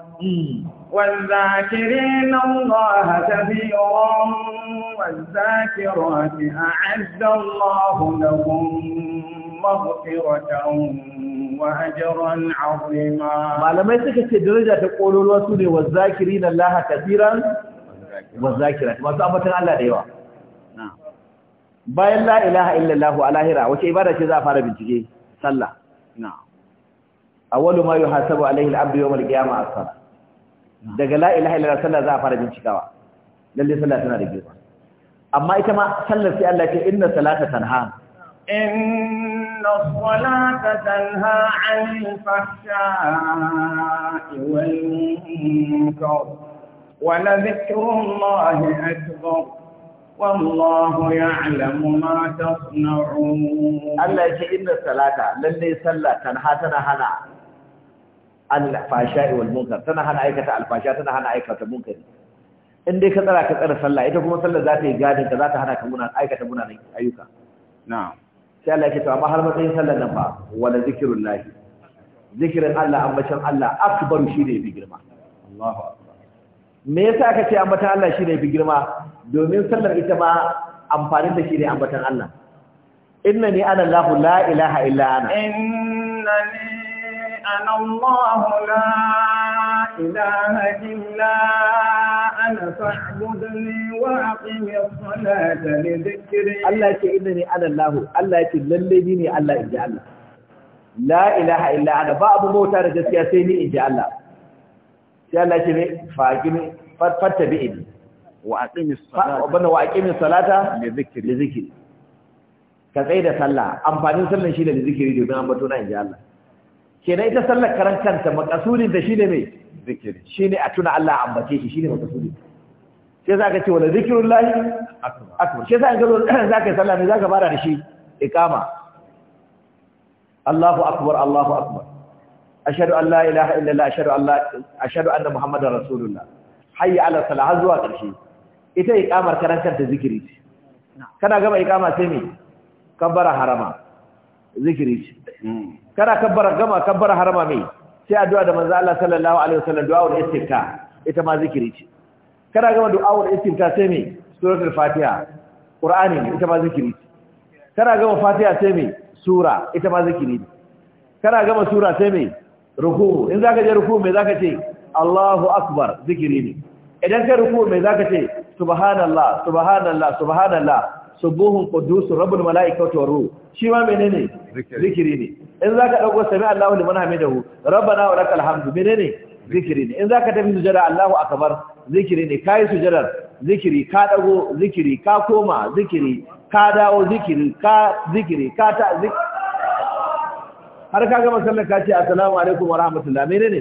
S2: والذاكرين الله كثيرا والذاكرات أعد الله لهم Malamai مغفرة وأجرا
S1: عظيما ما لما يسكت الدرجة تقول الرسول والذاكرين الله كثيرا والذاكرات ما سأبتنا الله ديوا bayan la ilaha illallah ala hira wace ibada ce za a fara bincike sallah A wani ma yuhasabu alaihi al-abdu yawm al-qiyamah as daga la'ilaha ilaha illallah sallah za a fara bincikawa lalle sallah tana da girma amma ita ma sallar sai Allah ce inna salata tanha
S2: إن الصلاة تنهى عن الفحشاء والمنكر ولذكر الله أكبر والله يعلم
S1: ما تصنعون الله يجي إن الصلاة للي صلى تنهى تنهى الفحشاء والمنكر تنهى أيكة الفحشاء تنهى أيكة المنكر إن dai ka tsara صلى إذا كنت صلى ذاتي sallah za ta yi gadin ka za ta hana ka sai Allah yake to amma har matsayin sallar nan ba wala zikrullah zikirin Allah ambacin Allah akbar shi ne bi girma Allahu akbar me yasa ka ce ambatan Allah shi ne bi girma domin sallar ita ma amfanin da shi ne ambatan Allah innani ana Allah la ilaha illa ana
S2: ni ana Allah la ilaha illa ana fa'budni wa aqimi as-salata li
S1: dhikri Allah ce inna ni ana Allah Allah ce lalle ni ne Allah inji Allah la ilaha illa ana ba abu bauta da gaskiya sai ni inji Allah sai Allah ce ne fa'imi fattabi'ini wa aqimi as-salata wa aqimi as-salata li dhikri ka tsaye da sallah amfanin sallan shi da zikiri domin ambato na inji Allah kenan ita sallar karan kanta makasudin ta ne mai zikiri ne a tuna Allah ambace shi ne shine maksudi sai zaka ce wala zikrullahi akbar sai zaka zo <clears throat> zaka sallah ne zaka fara da shi iqama Allahu akbar Allahu akbar ashhadu an la ilaha illa Allah ashhadu an la ashhadu anna muhammadar rasulullah hayya ala salah zuwa karshe ita iqamar karantar da zikiri ce kana gama iqama sai me kabbara harama zikiri ce hmm. kana kabbara gama kabbara harama me sai addu'a da manzo Allah sallallahu alaihi wasallam du'a'ul istifta ita ma zikiri ce kana gama du'a'ul istifta sai me suratul fatiha qur'ani ne ita ma zikiri ce kana gama fatiha sai me sura ita ma zikiri ne kana gama sura sai me ruku'u in zaka je ruku'u me zaka ce Allahu akbar zikiri ne idan ka ruku'u me zaka ce subhanallah subhanallah subhanallah subuhun qudus rabbul malaikati war ruh shi ma menene zikiri ne in zaka dauko sami Allahu liman hamidahu rabbana wa lakal hamdu menene zikiri ne in zaka tafi sujada Allahu akbar zikiri ne kai sujada zikiri ka dago zikiri ka koma zikiri ka dawo zikiri ka zikiri ka ta zikiri har ka gama sallar ka ce assalamu alaikum wa rahmatullahi menene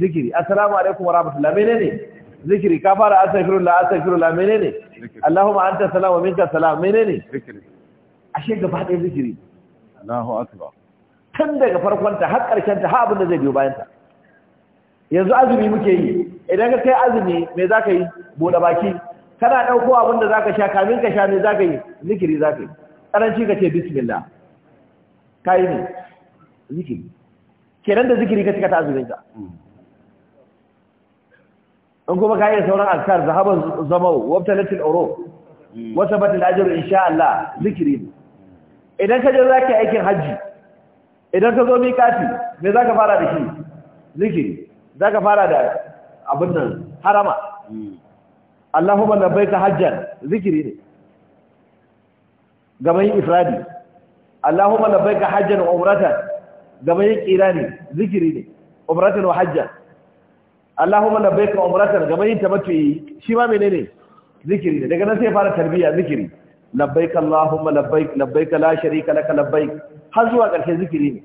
S1: zikiri assalamu alaikum wa rahmatullahi menene zikiri ka fara astaghfirullah astaghfirullah menene Allahumma anta salam wa minka salam mene ne? ashe gaba ɗaya zikiri Allahu akbar tun daga farkon ta har karshen ta har abin da zai biyo bayan ta yanzu azumi muke yi idan ka kai azumi me zaka yi bude baki kana dauko abin da zaka sha kamin ka sha me zaka yi zikiri zaka yi karanci ka ce bismillah kai ne zikiri kenan da zikiri ka cika ta azumin ka mm. in kuma ka iya sauran azkar zahaban zamau wabtalatil uru hmm. wata batil ajr insha Allah zikiri ne. idan ka je za zaka aikin hajji, idan ka zo miƙati me za ka fara da shi zikiri Za ka fara da abin nan harama hmm. Allahumma ka hajjan zikiri ne gaban yin ifradi Allahumma ka hajjan wa umratan gaban yin qirani zikiri ne umratan wa hajjan Allahumma labbaika umratan gaba yin tamattu'i shi ma menene zikiri ne daga nan sai fara tarbiya zikiri labbaika Allahumma labbaik labbaika la sharika kala labbaik har zuwa ƙarshen zikiri ne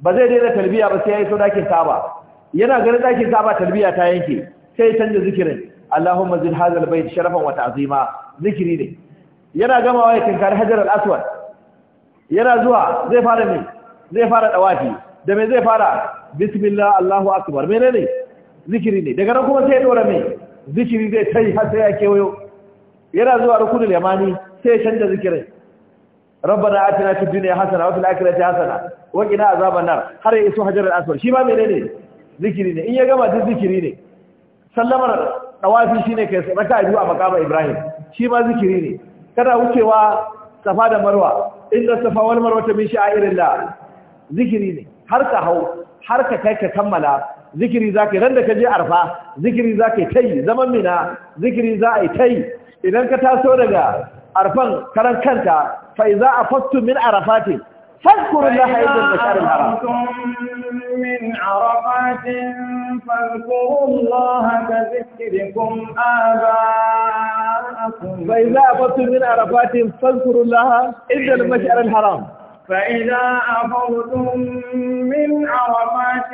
S1: ba zai daina tarbiya ba sai ya yi so dakin saba yana ganin dakin saba tarbiya ta yanke sai canza zikirin Allahumma zid hadha albayt sharafan wa ta'zima zikiri ne yana gamawa ya tinkari Hajar al-Aswad yana zuwa zai fara ne zai fara dawafi da me zai fara bismillah Allahu akbar menene zikiri ne daga nan kuma sai ya dora mai zikiri zai ta yi har sai yake kewayo yana zuwa rukunin yamani sai ya canza zikirin rabbana atina fid dunya hasana wa fil akhirati hasana wa qina azaban nar har ya iso hajar al-aswad shi ma menene zikiri ne in ya gama duk zikiri ne sallamar dawafi shine kai raka biyu a makama ibrahim shi ma zikiri ne kana wucewa safa da marwa inda safa wal marwa ta min sha'irillah zikiri ne har ka hau har ka kai ka kammala zikiri za ka yi da ka je arfa zikiri za ka yi ta yi zaman mina zikiri za a yi ta yi idan ka taso daga arfan karan kanta, fai za a fastu min arafati fadkurun na haifin da sharin haram
S2: من عرفات فاذكروا الله
S1: كذكركم
S2: آباءكم فإذا
S1: أفضتم من عرفات فاذكروا الله فإذا
S2: أفضتم من عرفات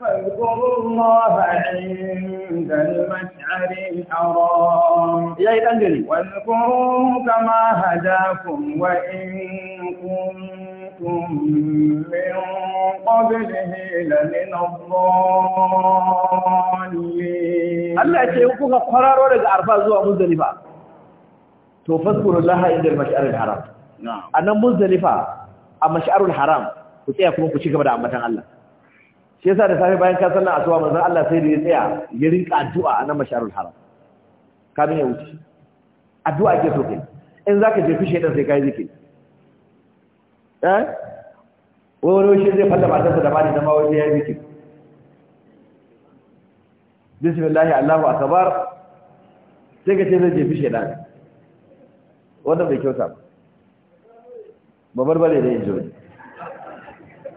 S2: فاذكروا الله عند المشعر الحرام واذكروه كما هداكم وإن كنتم من قبله لمن الضالين الله يقول
S1: القرار لك عرفات زوء مزدلفة تو فاذكروا الله عند المشعر الحرام نعم أنا مزدلفة a mashi'arul haram ku tsaya kuma ku ci gaba da ambatan Allah shi yasa da safe bayan ka sallar asuba manzon Allah sai da ya tsaya ya rinka addu'a a nan mashi'arul haram kamin ya wuce addu'a ke so kai in zaka je fishe dan sai kai zike eh wani shi zai falla matarsa da bani da ma wajen ya yi bismillah bismillahi allahu akbar sai ka ce zai je fishe dan wannan bai kyauta ba babarbare da yin wani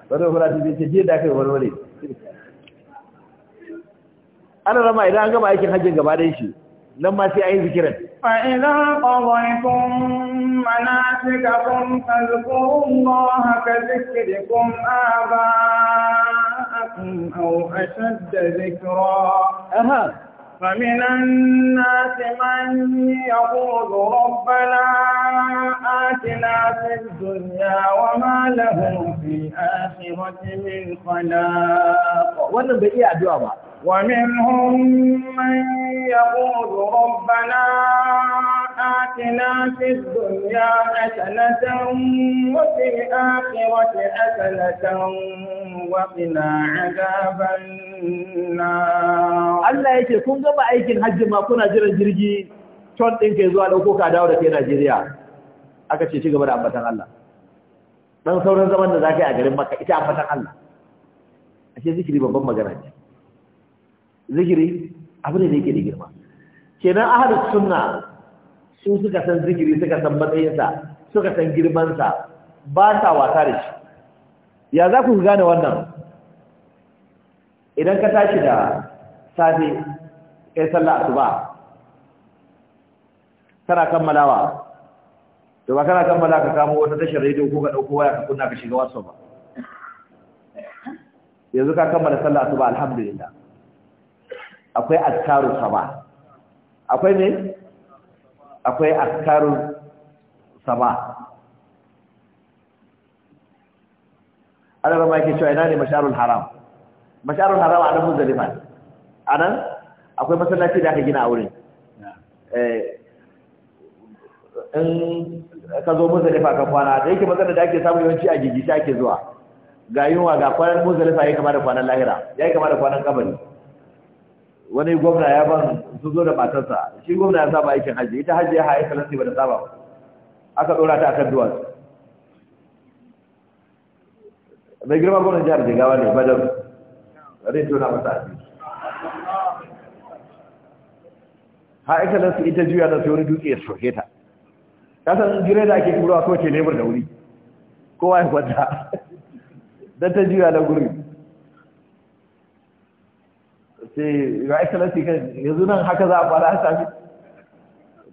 S1: wadda fara ta ce jiya da aka yi barbare ana rama idan an gama aikin hajjin gaba da shi nan ma sai a yi zikiran
S2: فإذا قضيتم مناسككم فاذكروا da فمن الناس من يقول ربنا آتنا في الدنيا وما له في الآخرة من خلاق. wannan bai iya addu'a ba. ومنهم من يقول ربنا آتنا في الدنيا حسنة وفي الآخرة حسنة وقنا عذاب
S1: النار الله يكي kun gaba aikin hajji ma kuna jiran jirgi ton din kai zuwa dauko ka dawo aka ce ci gaba da ambatan Allah dan sauran zaman da zakai a garin Makka ita ambatan Allah ashe zikiri babban magana ce zikiri abu ne da yake da girma kenan ahlus sunna su suka san zikiri suka san matsayinsa suka san girmansa ba sa wasa da shi ya za ku gane wannan idan ka tashi da safe kai sallah asuba kana kammalawa to ba kana kammala ka kamo wata tashar rediyo ko ka dauko waya ka kunna ka shiga wasu ba yanzu ka kammala sallah asuba alhamdulillah akwai askaru saba akwai ne akwai askaru saba Allah ma yake cewa ina ne masharul haram masharul haram a nan muzdalifa anan akwai masallaci da aka gina a wurin eh in ka zo zalifa ka kwana da yake matsalar da ake samu yawanci a gigishi ake zuwa ga yunwa ga kwanan muzdalifa yayi kama da kwanan lahira ya kama da kwanan kabari wani gwamna ya ban su zo da matarsa shi gwamna ya saba aikin hajji ita hajji ya haika lansi ba da saba aka dora ta akan duwatsu mai girma gwamnan jihar jigawa ne badar zai tona masa abin haika lansi ita juya da sai wani ya soke ta san jirai da ake kurawa kowace nemar da wuri kowa ya kwanta don ta juya da gurbi sai your lati kan yanzu nan haka za a fara a sami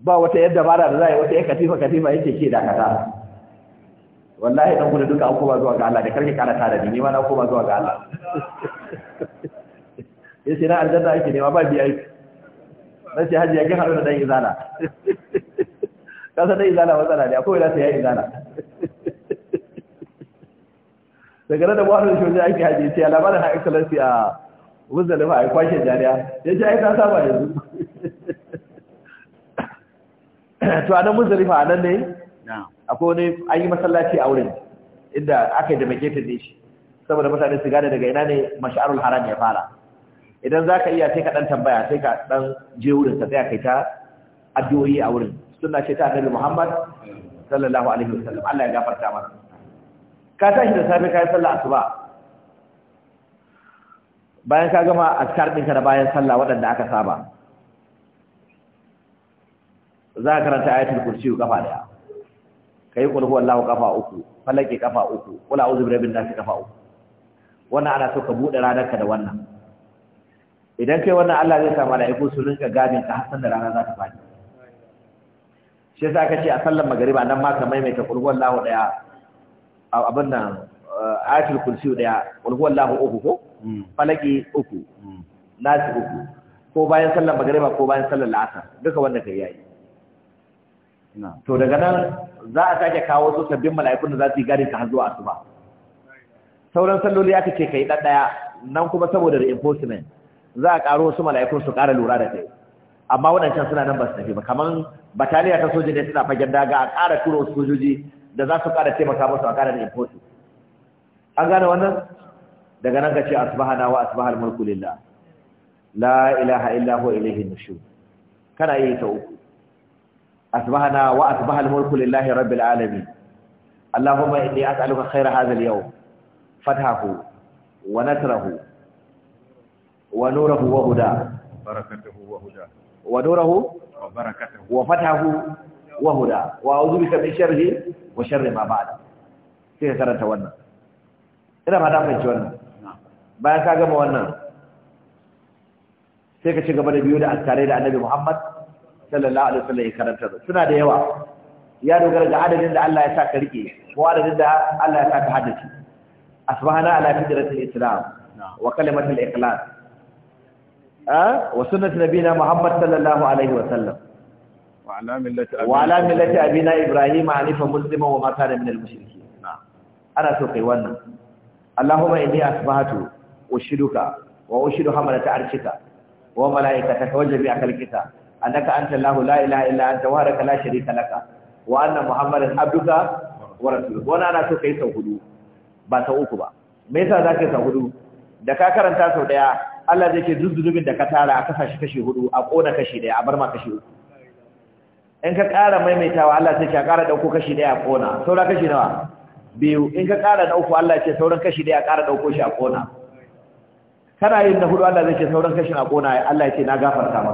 S1: ba wata yadda ba da za a yi wata ya katifa katifa yake ke dakata wallahi dan gudu duka an koma zuwa ga Allah da karki kana tare ni ma na koma zuwa ga Allah sai <laughs> na aljanna ne ma ba biya sai haji yake haɗu da da dan izala <laughs> kasa dai izala matsala ne akwai lati <laughs> sai ya izana daga da buhari shi ne ake haji sai labarin ha excellency a ah, muzalifa a yi kwashe jariya ya ce ai ta saba yanzu to a nan muzalifa a nan ne akwai wani an yi masallaci a wurin inda aka yi da maketin ne shi saboda mutane su gane daga ina ne mash'arul haram ya fara idan za ka iya sai ka ɗan tambaya sai ka ɗan je wurin ka tsaya kai ta addu'o'i a wurin suna ce ta annabi muhammad sallallahu alaihi wasallam Allah ya gafarta mana ka tashi da safe ka yi sallah asuba bayan ka gama askar ɗinka da bayan sallah waɗanda aka saba za ka karanta ayatul kursiyu kafa daya yi qul lahu kafa uku falake kafa uku qul a'udhu birabbin nasi kafa uku wannan ana so ka buɗe ranarka da wannan idan kai wannan Allah zai samu ala'iku su rinka gadin ka Hassan da rana za ta fadi shi yasa ka ce a sallan magariba nan ma ka maimaita qul lahu daya abin nan eh, ayatul kursiyu daya qul lahu uku ko Mm. falaki uku mm. nasi uku ko bayan sallar magariba ko bayan sallar la'asar duka wanda kai yayi to daga nan za a sake kawo su sabbin mala'ikun da za su yi gari ka har zuwa asuba sauran salloli aka ce kai dan daya nan kuma saboda reinforcement za a karo su mala'ikun su kara lura da kai amma waɗancan suna nan ba su tafi ba kaman bataliya ta soja ne suna fagen daga a ƙara turo sojoji da za su ƙara taimaka musu a ƙara da an gane wannan daga nan ka ce asbahana wa asbahal mulku lillah la ilaha illa huwa ilayhi nushur kana yi ta uku asbahana wa asbahal mulku lillahi rabbil alamin allahumma inni as'aluka khayra hadha al-yawm fathahu wa nasrahu wa nurahu wa huda barakatuhu wa huda wa nurahu wa barakatuhu wa fathahu wa huda wa a'udhu bika min sharri wa sharri ma ba'da sai ka karanta wannan ina fata fahimci wannan bayan ka gama wannan sai ka ci gaba da biyu da askarai da annabi Muhammad sallallahu alaihi wasallam ya karanta suna da yawa ya dogara ga adadin da Allah ya sa ka rike ko adadin da Allah ya sa ka asbahana ala fitratil islam wa kalimatul alikhlas ah wa sunnati nabina Muhammad sallallahu alaihi wasallam
S2: wa ala millati abina abina ibrahim
S1: alifa muslima wa mata min minal ana so kai wannan Allahumma inni asbahatu ushiduka wa ushidu hamalata arshika wa malaikataka wa jami'a khalqika annaka anta allah la ilaha illa anta wahdaka la sharika laka wa anna muhammadan abduka wa rasuluka wannan ana so kai sau hudu ba sau uku ba me yasa zaka yi sau hudu da ka karanta sau daya Allah zai ce zuzzubin da ka tara a kasashe kashi hudu a kona kashi daya a bar ma kashi uku in ka ƙara maimaitawa Allah ce ka ƙara ɗauko kashi ɗaya a ƙona saura kashi nawa biyu in ka ƙara dauko Allah ce sauran kashi ɗaya a kara dauko shi a kona kana yin na hudu Allah zai ce sauran kashin a kona ya Allah ya ce na gafarta ma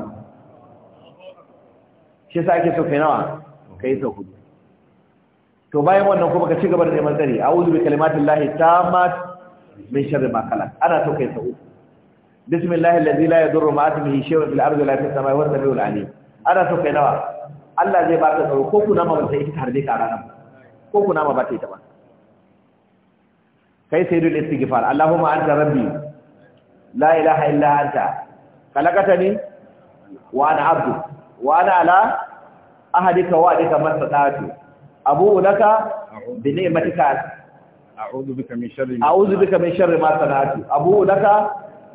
S1: shi sa ake so kai nawa kai sau hudu to bayan wannan kuma ka ci gaba da neman tsari kalimatin bi ta ma min sharri ma ana so kai sau bismillahi lalzi la yadurru ma ismihi shewa fil arzu lafi sama ya wata biyu alim ana so kai nawa Allah zai ba ka tsaro ko kuna ma ba sai ita harbe ka ranar ko kuna ma ba ta ita ba kai sayyidul istighfar allahumma anta rabbi la ilaha illa anta khalaqatani wa ana abdu wa ana ala ahadika wa adika masatatu abu laka bi ni'matika a'udhu bika min sharri a'udhu bika min sharri ma sanatu abu laka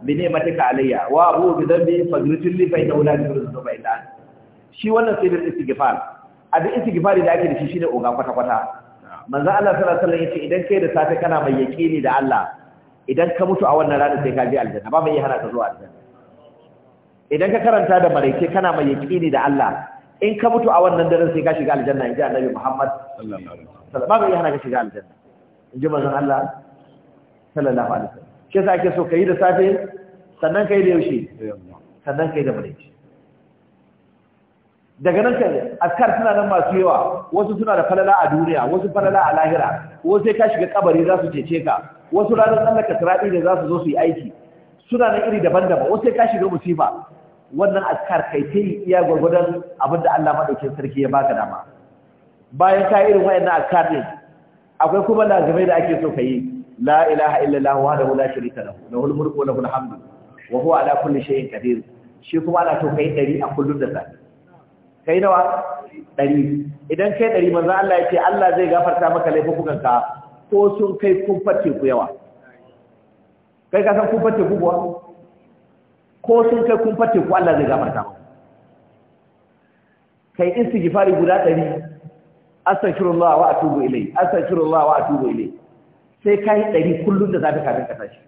S1: bi ni'matika alayya wa abu bi dhanbi faghfir li fa innahu la yaghfiru dhunuba illa anta shi wannan sai da istighfar abin istighfari da ake da shi shine oga kwata kwata manzo Allah sallallahu alaihi wasallam yace idan kai da safe kana mai yaqini da Allah idan ka mutu a wannan ranar sai ka je aljanna ba mai yi hana ka zuwa aljanna idan ka karanta da malaike kana mai yaqini da Allah in ka mutu a wannan daren sai ka shiga aljanna in ji annabi Muhammad sallallahu alaihi wasallam ba mai yi hana ka shiga aljanna in ji manzon Allah sallallahu alaihi wasallam shi ake so kai da safe sannan kai da yaushe sannan kai da maraice daga nan kai askar suna nan masu yawa wasu suna da falala a duniya wasu falala a lahira wasu sai ka shiga kabari za su cece ka wasu ranar ka sirabi da za su zo su yi aiki suna nan iri daban-daban wasu sai ka shiga musifa wannan askar kai kai iya gwargwadon abin da Allah maɗaukin sarki ya baka dama bayan ka irin wayannan askar ne akwai kuma lazimai da ake so ka yi la ilaha illallah wahdahu la sharika lahu lahul mulku wa lahul hamdu wa huwa ala kulli shay'in qadir shi kuma ana to kai dari a kullun da safe kai nawa ɗari idan kai ɗari manzo Allah ya ce Allah zai gafarta maka laifukanka ko sun kai kumfar ku yawa kai ka san kumfar ku, kuwa ko sun kai kumfar ku, Allah zai gafarta maka kai istighfari guda ɗari astaghfirullah wa atubu ilai astaghfirullah wa atubu ilai sai kai ɗari kullum da zafi kafin ka tashi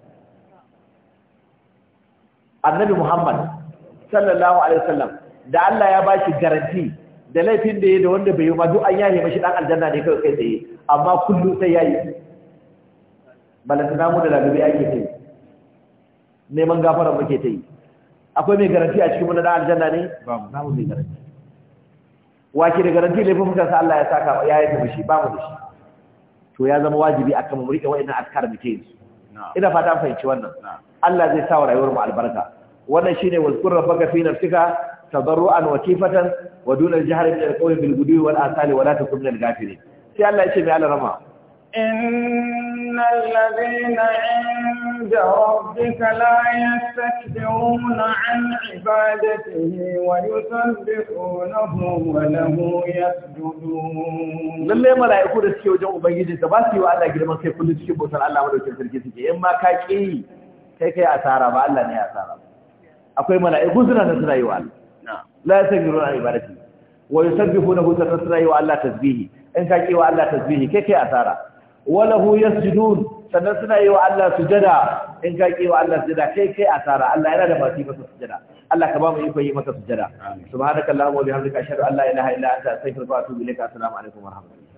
S1: annabi muhammad sallallahu alaihi wasallam da Allah ya ba shi garanti da laifin da ya da wanda bai yi ma duk an yaye mashi dan aljanna ne kawai kai tsaye amma kullu sai yayi balantana mu da lagabi ake kai neman gafara muke ta yi akwai mai garanti a cikin wani dan aljanna ne ba mu mai garanti Wa ke da garanti laifin mutan sa Allah ya saka ya yi mishi ba mu da shi to ya zama wajibi akan mu rike wa'annan azkar mu kai su ina fata fahimci wannan Allah zai sa wa rayuwar mu albarka wannan shine wazkur rabbaka fi nafsika tadarru'an wa kifatan wa duna al-jahri bil qawli bil ghudwi wal asali wa la takun minal ghafirin sai Allah ya ce mai alarama
S2: إن الذين عند ربك لا يستكبرون عن عبادته ويسبحونه وله يسجدون lalle malaiku
S1: da suke wajen ubangiji da ba su yi wa Allah girman kai kullum cikin bautar Allah madaukakin sarki suke in ma ka ki kai kai asara ba Allah ne asara akwai malaiku suna da suna yi wa Allah la yasbiru ala ibadati wa yusabbihunahu tasbihi wa Allah tasbihi in ka ki wa Allah tasbihi kai kai asara wa lahu yasjudun sannan suna yi wa Allah sujada in ka ki wa Allah sujada kai kai asara Allah yana da baki masa sujada Allah ka ba mu iko yi masa sujada subhanakallahumma wa bihamdika ashhadu an la ilaha illa anta astaghfiruka wa atubu ilaik assalamu alaikum wa rahmatullahi